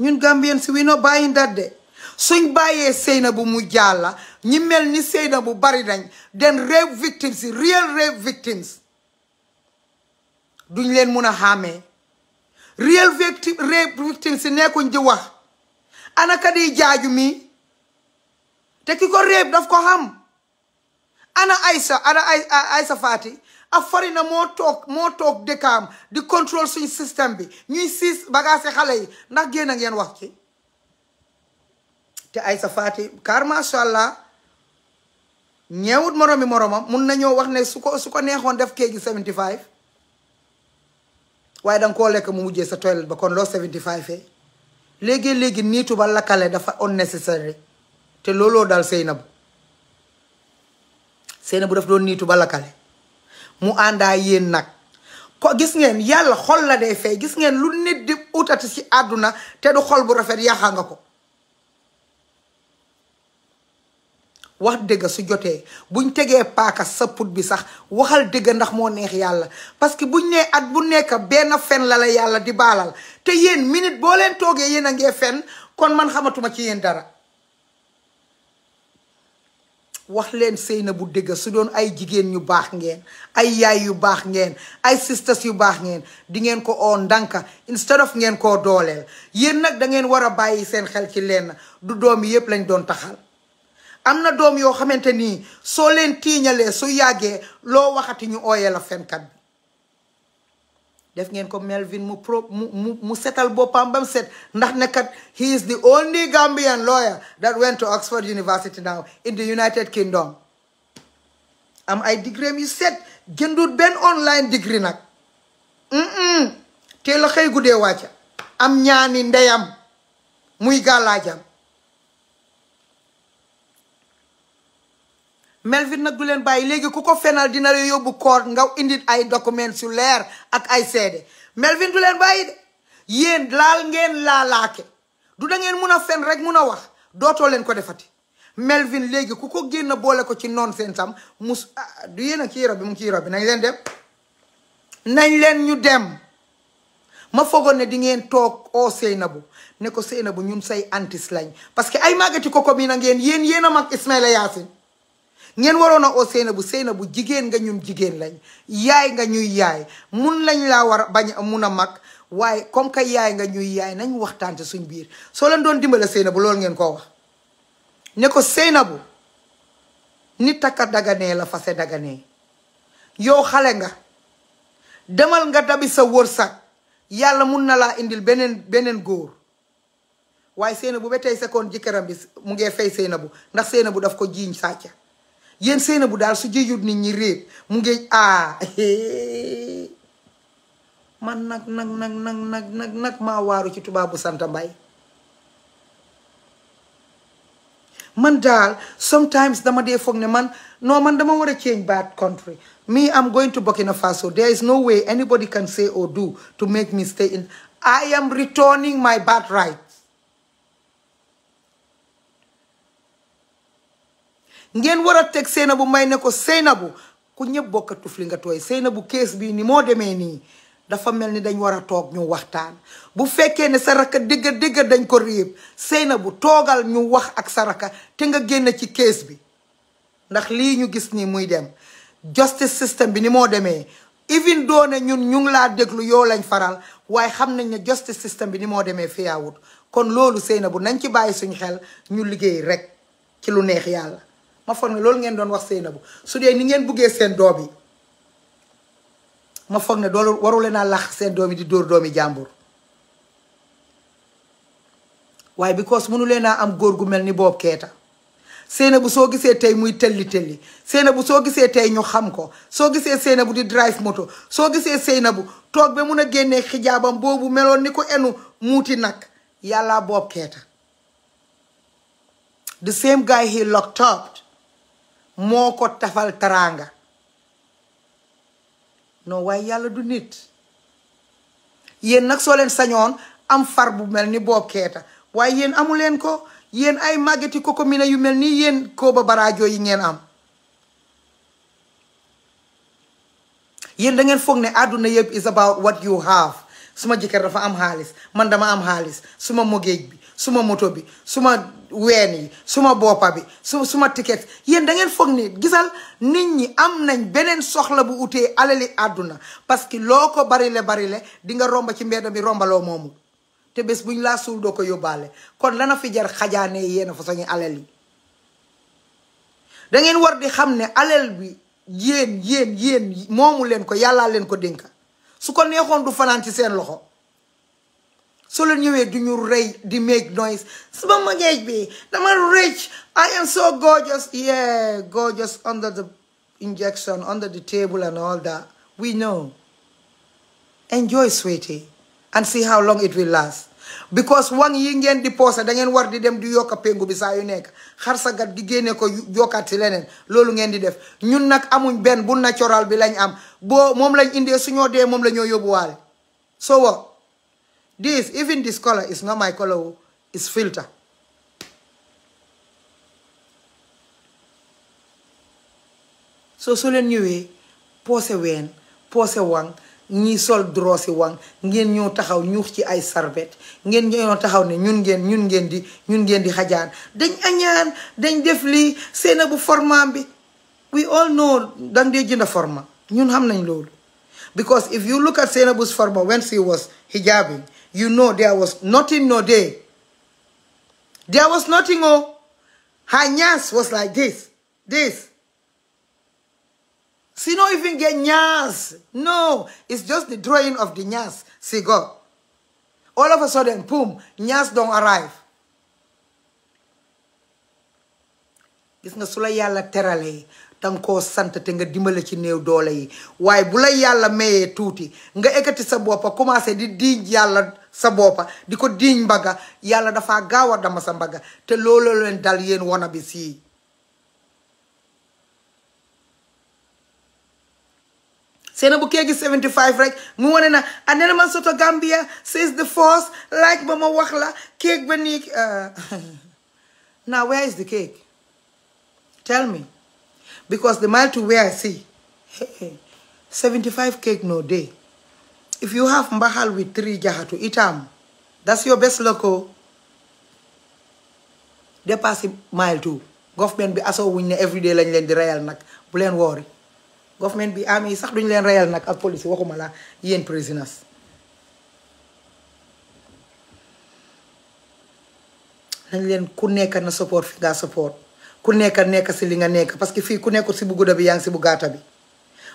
ñun Gambians we no buying that de suñ bàyyee Sainabou mu jàlla ñi mel ni seyna bu bari dañ den rape victims real rape victims duñ leen mun a xàmmee real victim rape victims yi nekkuñ di wax anaka di jaaju mi te ki ko rape daf ko xam ana Aïssa ana Aïssa Fati Affarina moo toog moo toog dëkkaam di contrôle suñu système bi ñuy siis bagage xale yi ndax génn a ngeen wax ci te Aïssa Faty car macha allah ñeewut moromi moroomam mun nañoo wax ne su ko su ko neexoon def kéegi 75 waaye da koo lekk mu mujjee sa toilette ba kon loo 75 fee léegi léegi niitu ba lakkale dafa unnecessary te looloo dal Seynabou bu daf doon niitu ba lakkale. mu àndaa yéen nag ko gis ngeen yàlla xol la day fay gis ngeen lu nit di utati ci àdduna te du xol bu rafet yàqa nga ko wax dëgga su jotee buñ tegee paaka sa put bi sax waxal dëgg ndax moo neex yàlla parce que buñ nee at bu nekk benn fen la la yàlla di baalal te yéen minute boo leen toogee yéen a ngee fen kon man xamatuma ci yéen dara wax leen na bu dëgg su doon ay jigéen ñu baax ngeen ay yaay yu baax ngeen ay sisters yu baax ngeen di ngeen ko oo ndànka instead of ngeen koo dooleel yéen nag da ngeen war a bàyyi seen xel ci leen du doom yi yépp lañ doon taxal am na doom yoo xamante nii soo leen tiiñalee su yàggee loo waxati ñu ooyee la fenkat bi def ngeen ko Melvin mu pro mu mu mu setal boppam bam set ndax ne kat he is the only Gambian lawyer that went to Oxford University now in the United Kingdom am ay digréem yu set jëndul benn online degree nag teel a xëy guddee wàcca am ñaani ndeyam muy gàllaajam Melvin nag du leen bàyyi léegi ku ko fenal dina la yóbbu koor nga indil ay documents su leer ak ay seede Melvin du leen bàyyi de yéen laal ngeen laalaake du da ngeen mun a fen rek mun a wax dootoo leen ko defati Melvin léegi ku ko génn boole ko ci noon seen tam mus ah, du yéen a kii robbi mu kii bi nañ leen dem nañ leen ñu dem ma foogoon ne di ngeen toog oo oh, Seynabou ne ko Seynabou ñun say antis lañ parce que ay ko ko bi na ngeen yéen yéen a mag Ismaila ngeen waroon a oo bu seyna bu jigéen nga ñun jigéen lañ yaay nga ñuy yaay mun lañ laa war a bañ mun a mag waaye comme que yaay nga ñuy yaay nañ waxtaan ci suñ biir soo leen doon dimbale seyna bu loolu ngeen koo wax ne ko seyna bu ni takka daganee la fase daganee yow xale nga demal nga dabi sa wërsëg yàlla mun na laa indil beneen beneen góor waaye seyna bu ba tey sekoon jëkkëram bi mu ngee fey seyna bu ndax seyna bu daf ko jiiñ sàcca yéen seena ah, bu daal su jëyut nit ñi réeg mu ngi ah man nag nag nag nag nag nag nag maa waaru ci tubaabu santa mbay man daal sometimes dama dee foog ne man non man dama war change bad country me I'm going to Burkina Faso there is no way anybody can say or do to make me stay in I am returning my right ngeen war a teg bu may ne ko bu ku ñëpp bokkatu fi li nga tooy bu kees bii ni moo demee nii dafa mel ni dañ war a toog ñu waxtaan bu fekkee ne sa raka dëgga dëgga dañ ko réeb bu toogal ñu wax ak sa raka te nga génn ci kees bi ndax lii ñu gis nii muy dem justice system bi ni moo demee even doone ñun ñu ngi laa déglu yoo lañ faral waaye xam nañ ne justice system bi ni moo demee fiyaawut kon loolu bu nañ ci bàyyi suñ xel ñu liggéey rek ci lu neex yàlla ma foog ne loolu ngeen doon wax Seynabou su dee ni ngeen buggee seen doom yi ma foog ne doolu waru leen a lax seen doom yi di dóor doomi jàmbur waaye because mënu leen am góor gu mel ni boobu keeta bu soo gisee tey muy telli telli bu soo gisee tey ñu xam ko soo gisee bu di drive moto soo gisee bu toog ba mun a génnee xijaabam boobu meloon ni ko enu muuti nag yàlla boobu keeta the same guy he locked up moo ko tafal taraanga no waay yàlla du nit yéen nag soo leen sañoon am far bu mel ni boobu keeta waaye yéen amu leen ko yéen ay màggeti koko mina yu mel nii yéen kooba baraajo yi ngeen am yéen da ngeen foog ne àdduna yëpp is about what you have suma jëkkër dafa am xaalis man dama am xaalis suma mogéej bi suma moto bi suma ween yi suma boppa bi su suma ticket yéen dangeen ngeen foog ni gisal nit ñi am nañ beneen soxla bu utee alali àdduna parce que loo ko barile barile di nga romba ci mbedd bi rombaloo moomu te bés buñ laa suul doo ko yóbbaale kon lana fi jar xajaane yéen a fa soñi alal yi dangeen war di xam ne alal bi yéen yéen yéen moomu leen ko yàllaa leen ko dénka su ko neexoon du fanaan ci seen loxo su la ñëwee du ñu rey di make noise suma mageej bi dama rich I am so gorgeous yeah gorgeous under the injection under the table and all that we know enjoy sweetie and see how long it will last because wang yi ngeen di poose da ngeen war di dem di yokka péngu bi saa yu nekk xar sagat gi génne ko yokkaat si leneen loolu ngeen di def ñun nag amuñ benn bu natural bi lañ am boo moom lañ indee suñoo dee moom lañoo ñoo yóbbuwaale soo what this even this color is not my color oh. su leen ñëwee poose ween poose wang Ni sol drossi wang ngeen ñoo taxaw ñuux ci ay sarbet ngeen ñoo taxaw ne ñun ngeen ñun ngeen di ñun ngeen di xajaan dañ añaan dañ def lii seena bu formaam bi we all know dang dee jënd forma ñun xam nañ loolu because if you look at Seynabou's forma when she was hijabing you know there was nothing no day there was nothing oh her nyaas was like this this She not even get nyas. No, it's just the drawing of the nyas. She go. All of a sudden, boom, nyas don't arrive. gis nga su la yàlla teralee danga koo sant te nga dimbale ci néew doole yi waaye bu la yàlla mayee tuuti nga ekkati sa boppa commencé di diiñ yàlla sa boppa di ko diiñ mbagga yàlla dafa gaaw a dama sa mbagga te loolu leen dal yéen bi sii sena bu keegi 75 rek mu wane na anena man soto Gambia says the force like bama ma wax la cake ba uh, [laughs] nii now where is the cake tell me because the mile to where I see hey 75 cake no day if you have mbahal with three jahatu itam that's your best loco oh. They dépassé mile two government bi asoo wuñ ne every day lañ leen di reyal nag bu leen woori government bi am sax duñu leen reyal nag ak police waxuma laa yéen prisoners dañ leen ku nekk na support fi nga support ku nekk nekk si li nga nekk parce que fii ku nekkul si bu gudda bi yaa ngi si bu gàtta bi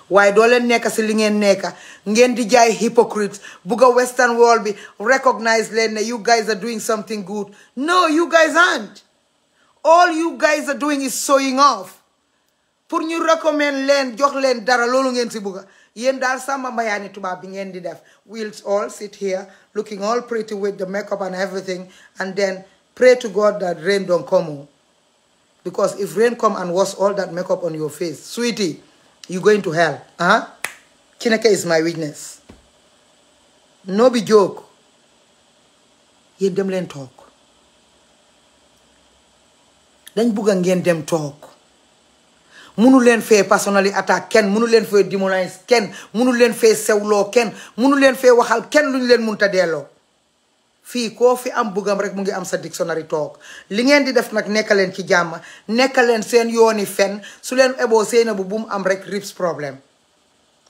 waaye doo leen nekk si li ngeen nekk ngeen di jaay hypocrite bugg a western world bi recognize leen ne you guys are doing something good no you guys aren't all you guys are doing is showing off pour ñu recommend leen jox leen dara loolu ngeen si bugga yéen dal sàmba mbayaani tubaab bi ngeen di def we'll all sit here looking all pretty with the makeup and everything and then pray to God that rain don't come oh. because if rain come and wash all that makeup on your face sweetie you going to hell huh? Chineke is my witness no be joke yéen dem leen toog dañ bugga ngeen dem talk. munu leen fee personnalité attaque kenn munu leen fee dimolins kenn munu leen fee sewloo kenn munu leen fee waxal kenn lu ñu leen munta delloo fii koo fi am bëggam rek mu ngi am sa dictionnaire toog li ngeen di def nag nekka leen ci jàmm nekka leen seen yooni fenn su leen eboo seena bu mu am rek rips problème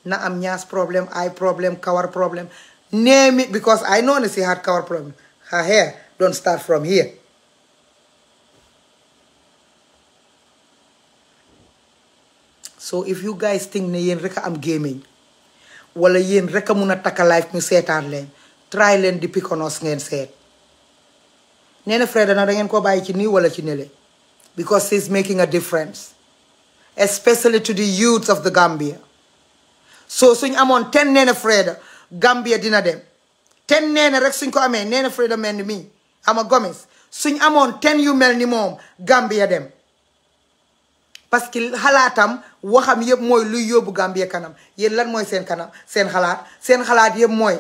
na am ñaas problème ay problème kawar problème name because I know ne si hard kawar problème her hair so if you guys think ne yéen rek am gaming, wala yéen rek a mun a takka live ñu seetaan leen try leen di Pikonos ngeen seet na Freda nag da ngeen ko bàyyi ci wala ci nele because he's making a difference especially to the youths of the Gambia so suñ amon ten nee na Freda Gambia dina dem ten nee na rek suñ ko ame nee na Freda mi, ama Gomez. suñ amon ten yu mel ni Gambia dem parce que waxam yëpp mooy luy yóbbu Gambie kanam yéen lan mooy seen kanam seen xalaat seen xalaat yëpp mooy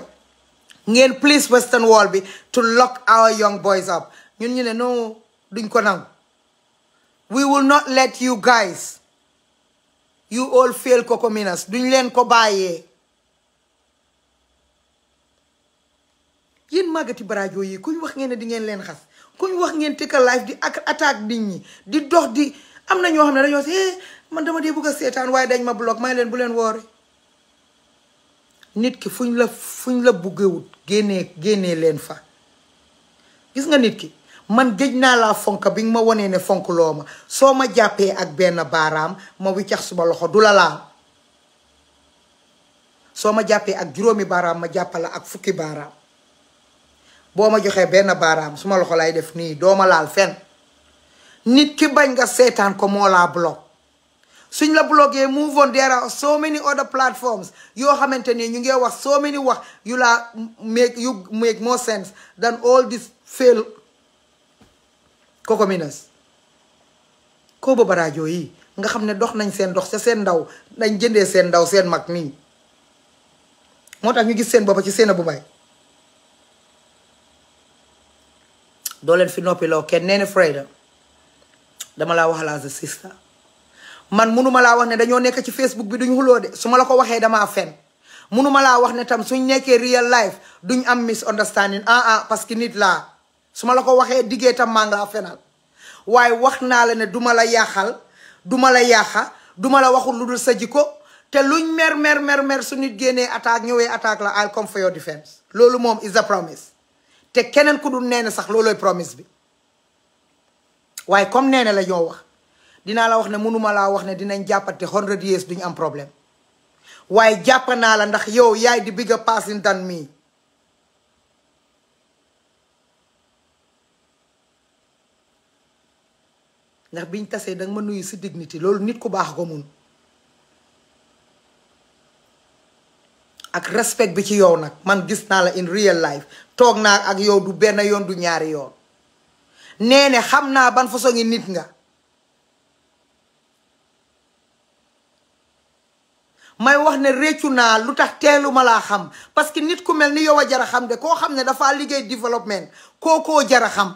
ngeen please western wall bi to lock our young boys up ñun ñu ne no duñ ko nangu we will let you guys you all fail Coco duñ leen ko bàyyee yéen màggati baraajoo yi kuñ wax ngeen ne di ngeen leen xas kuñ wax ngeen tëkkal live di ak attaque nit ñi di dox di am na ñoo xam ne dañoo si eh, man dama dee bëgg seetaan waaye dañ ma block may leen bu leen woori nit ki fuñ la fuñ la buggewut génne génnee leen fa gis nga nit ki man géej naa laa fonk bi ma wonee ne fonk ma soo ma jàppee ak benn baaraam ma wiccax suma loxo du la laa soo ma jàppee ak juróomi baaraam ma jàppala ak fukki baaraam boo ma joxee benn baaraam suma loxo lay def nii dooma laal fen nit ki bañ nga seetaan ko moo laa block suñ la blogué move on there are so many other platforms yoo xamante ni ñu ngi wax so many wax you la make you make more sense than all this fail Coco cocominas koo ba rajo yi nga xam ne dox nañ seen dox sa seen ndaw dañ jëndee seen ndaw seen mag nii moo tax ñu gis seen boppa ci seen bu bay doo leen fi noppiloo kenn nee na Freda dama laa wax la as a sister man munuma laa wax ne dañoo nekk ci Facebook bi duñ xuloo de su ma la ko waxee damaa fen munuma laa wax ne tam suñ nekkee real life duñ am misunderstanding ah ah parce que nit la suma la ko waxee diggee tam maa ngaa fenal waaye wax naa la ne duma la yaaxal duma la yaaxa duma la waxul lu dul sa jikko te luñ mer mer mer mer su nit génnee attaque ñëwee attaque la I'll come for your defense loolu moom is a promise te keneen ku dul nee na sax loolooy promise bi waaye comme nee na la ñoo wax dinaa la wax ne mënuma laa wax ne dinañ jàppante hundred years duñu am problème waaye jàppa naa la ndax yow yaay di bigger person than me ndax biñ tasee danga ma nuyu si dignité loolu nit ku baax ko mun ak respect bi ci yow nag man gis naa la in real life toog naa ak yow du benn yoon du ñaari yoon nee ne xam naa ban façon ngi nit nga may wax ne réccu naa lu tax teelu ma laa xam parce que nit ku mel ni yow a jara xam de koo xam ne dafaa liggéey développement kookoo jara xam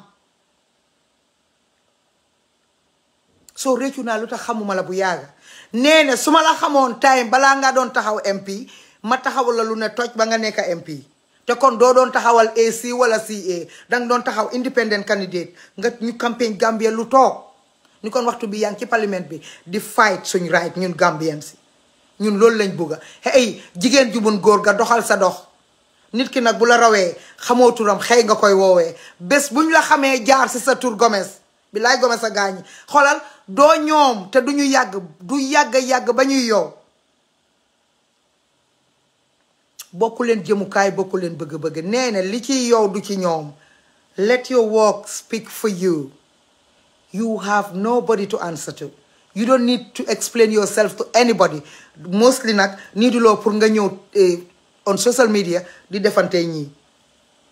soo réccu naa lu tax xamuma la bu yaaga nee ne su ma la xamoon time balaa nga doon taxaw MP ma taxawal la lu ne toj ba nga nekk MP te kon doo doon taxawal AC wala CA danga doon taxaw independent candidate nga ñu campagne Gambien lu toog ni kon waxtu bi yaa ngi ci parlement bi di fight suñ right ñun Gambien si ñun loolu lañ bëgg hey jigéen ju mun góor ga doxal sa dox nit ki nag bu la rawee xamoo turam xëy nga koy woowee bés bu ñu la xamee jaar si sa tur Gomes bi laay Gomes a gaañi xoolal doo ñoom te du duñu yàgg du yàgg yàgg ba ñuy yow bokku leen jëmukaay bokku leen bëgg-bëgg nee li ciy yow du ci ñoom let your work speak for you you have nobody to answer to you don't need to explain yourself to anybody mostly nag nii loo pour nga ñëw eh, on social media di defante ñii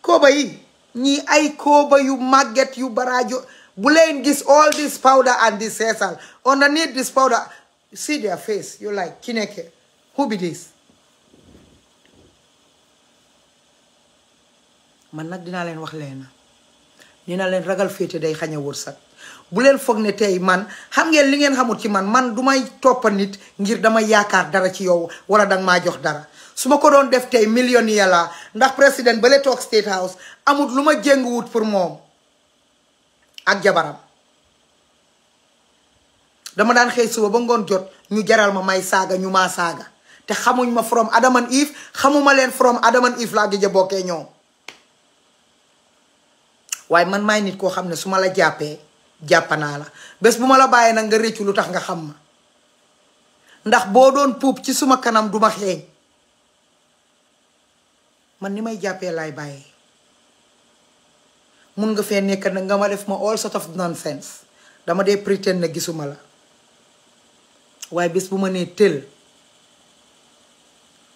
kooba yi ñii ay kooba yu màgget yu baraajo bu leen gis all this powder and this hairstyle underneath this powder see their face you like ki nekke who be man nag dinaa leen wax leen na leen ragal féete day xañ a bu leen foog ne tey man xam ngeen li ngeen xamul ci man man du may toppa nit ngir dama yaakaar dara ci yow wala danga maa jox dara su ma ko doon def tey million la ndax président ba le toog State House amut lu ma jénguwut pour moom ak jabaram dama daan xëy suba ba ngoon jot ñu jaral ma may saaga ñu ma saaga te xamuñ ma from Adam and Eve xamuma leen from adaman and Eve laa gëj a bokkee ñoom waaye man maay nit koo xam ne su ma la jàppee jàpp naa la bés bu ma la bàyyee nag nga réccu lu tax nga xam ma ndax boo doon puub ci suma kanam du ma xeeñ man ni may jàppee laay bàyyee mun nga fee nekk nag nga ma def ma all sort of nonsense dama dee pretend na gisuma la waaye bés bu ma nee tël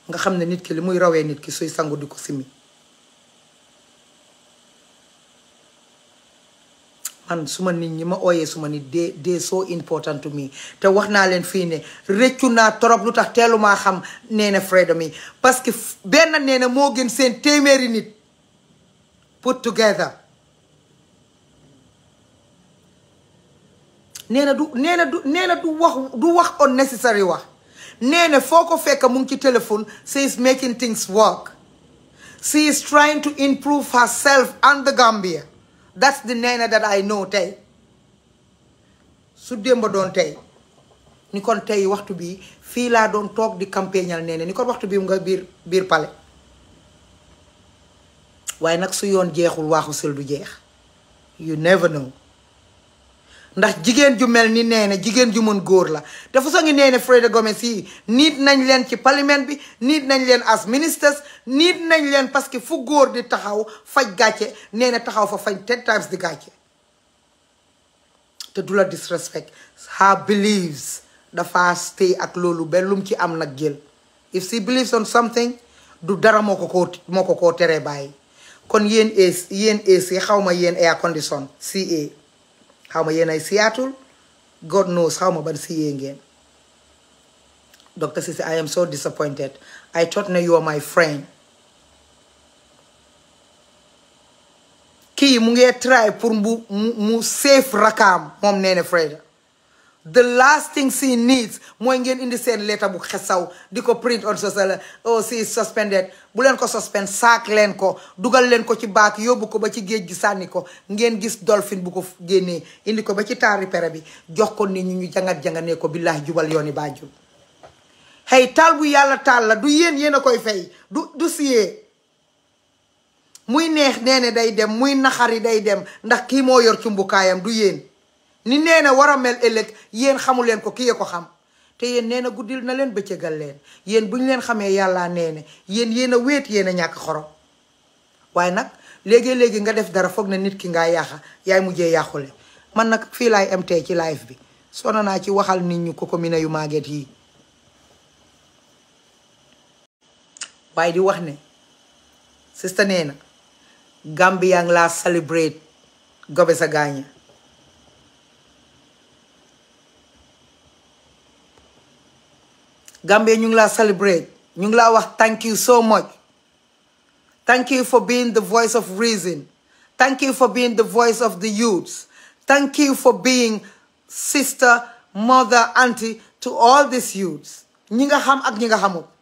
nga xam ne nit ki li muy rawee nit ki suy sangu di ko simi man suma nit ñi ma ooyee suma nit de de so important to me te wax naa leen fii ne rëccu naa trop lu tax teelu maa xam nee na freedom parce que benn nee moo gën seen téeméeri nit put together nee na du nee du nee du wax du wax unnecessary wax nee foo ko fekk mu ngi ci téléphone she is making things work she is trying to improve herself and the Gambia that's the Naina that I know tey su démba doon tey ni kon tey waxtu bi fii laa doon toog di campagneal Naina ni kon waxtu bi nga biir biir palais waaye nag su yoon jeexul waaxu sel du jeex you never know ndax jigéen ju mel ni Néné jigéen ju mën góor la dafa soo ngi Néné Freda Gomez yi niit nañ leen ci parlement bi niit nañ leen as ministers niit nañ leen parce que fu góor di taxaw faj gàcce Néné taxaw fa faj ten times di gàcce te du la disrespect her believes dafa stay ak loolu ba lum ci am nag jël if she believes on something du dara moo ko koo moo ko koo teree bàyyi kon yéen AC yéen AC xaw ma yéen air condition CA How am I in Seattle God knows xaw ma ban si yee ngeen Dr. Cissé I am so disappointed I thought now you are my friend Ki mu try pour mu mu safe rakaam moom nee na Freda the last thing she needs mooy ngeen indi seen letter bu xesaw di ko print on social oh she suspended bu leen ko suspend saak leen ko dugal leen ko ci baak yóbbu ko ba ci géej gi sànni ko ngeen gis dolphin bu ko génnee indi ko ba ci taari pere bi jox ko nit ñi ñu jangat janganee ko billaahi jubal yooni Banjul xëy taal bu yàlla taal la du yéen yéen a koy fay du du siyee muy neex nee ne day dem muy naxari day dem ndax kii moo yor cumbukaayam du yéen ni nee na war a mel ëllëg yéen xamu leen ko kii ko xam te yéen nee na guddil na leen bëccëgal leen yéen bu ñu leen xamee yàllaa nee na yéen yéen a wéet yéen a ñàkk xorom waaye nag léegi-léegi nga def dara foog na nit ki ngaa yaaxa yaay mujjee yàqule man nag fii laay am ci live bi sona naa ci waxal nit ñu ko commune yu màgget yii waaye di wax ne sista nee na Gambia laa celebrate gobe sa gaaña Gambia ñu ngi celebrate ñu ngi laa wax thank you so much thank you for being the voice of reason thank you for being the voice of the youths thank you for being sister mother auntie to all these youths ñi nga xam ak ñi nga xamul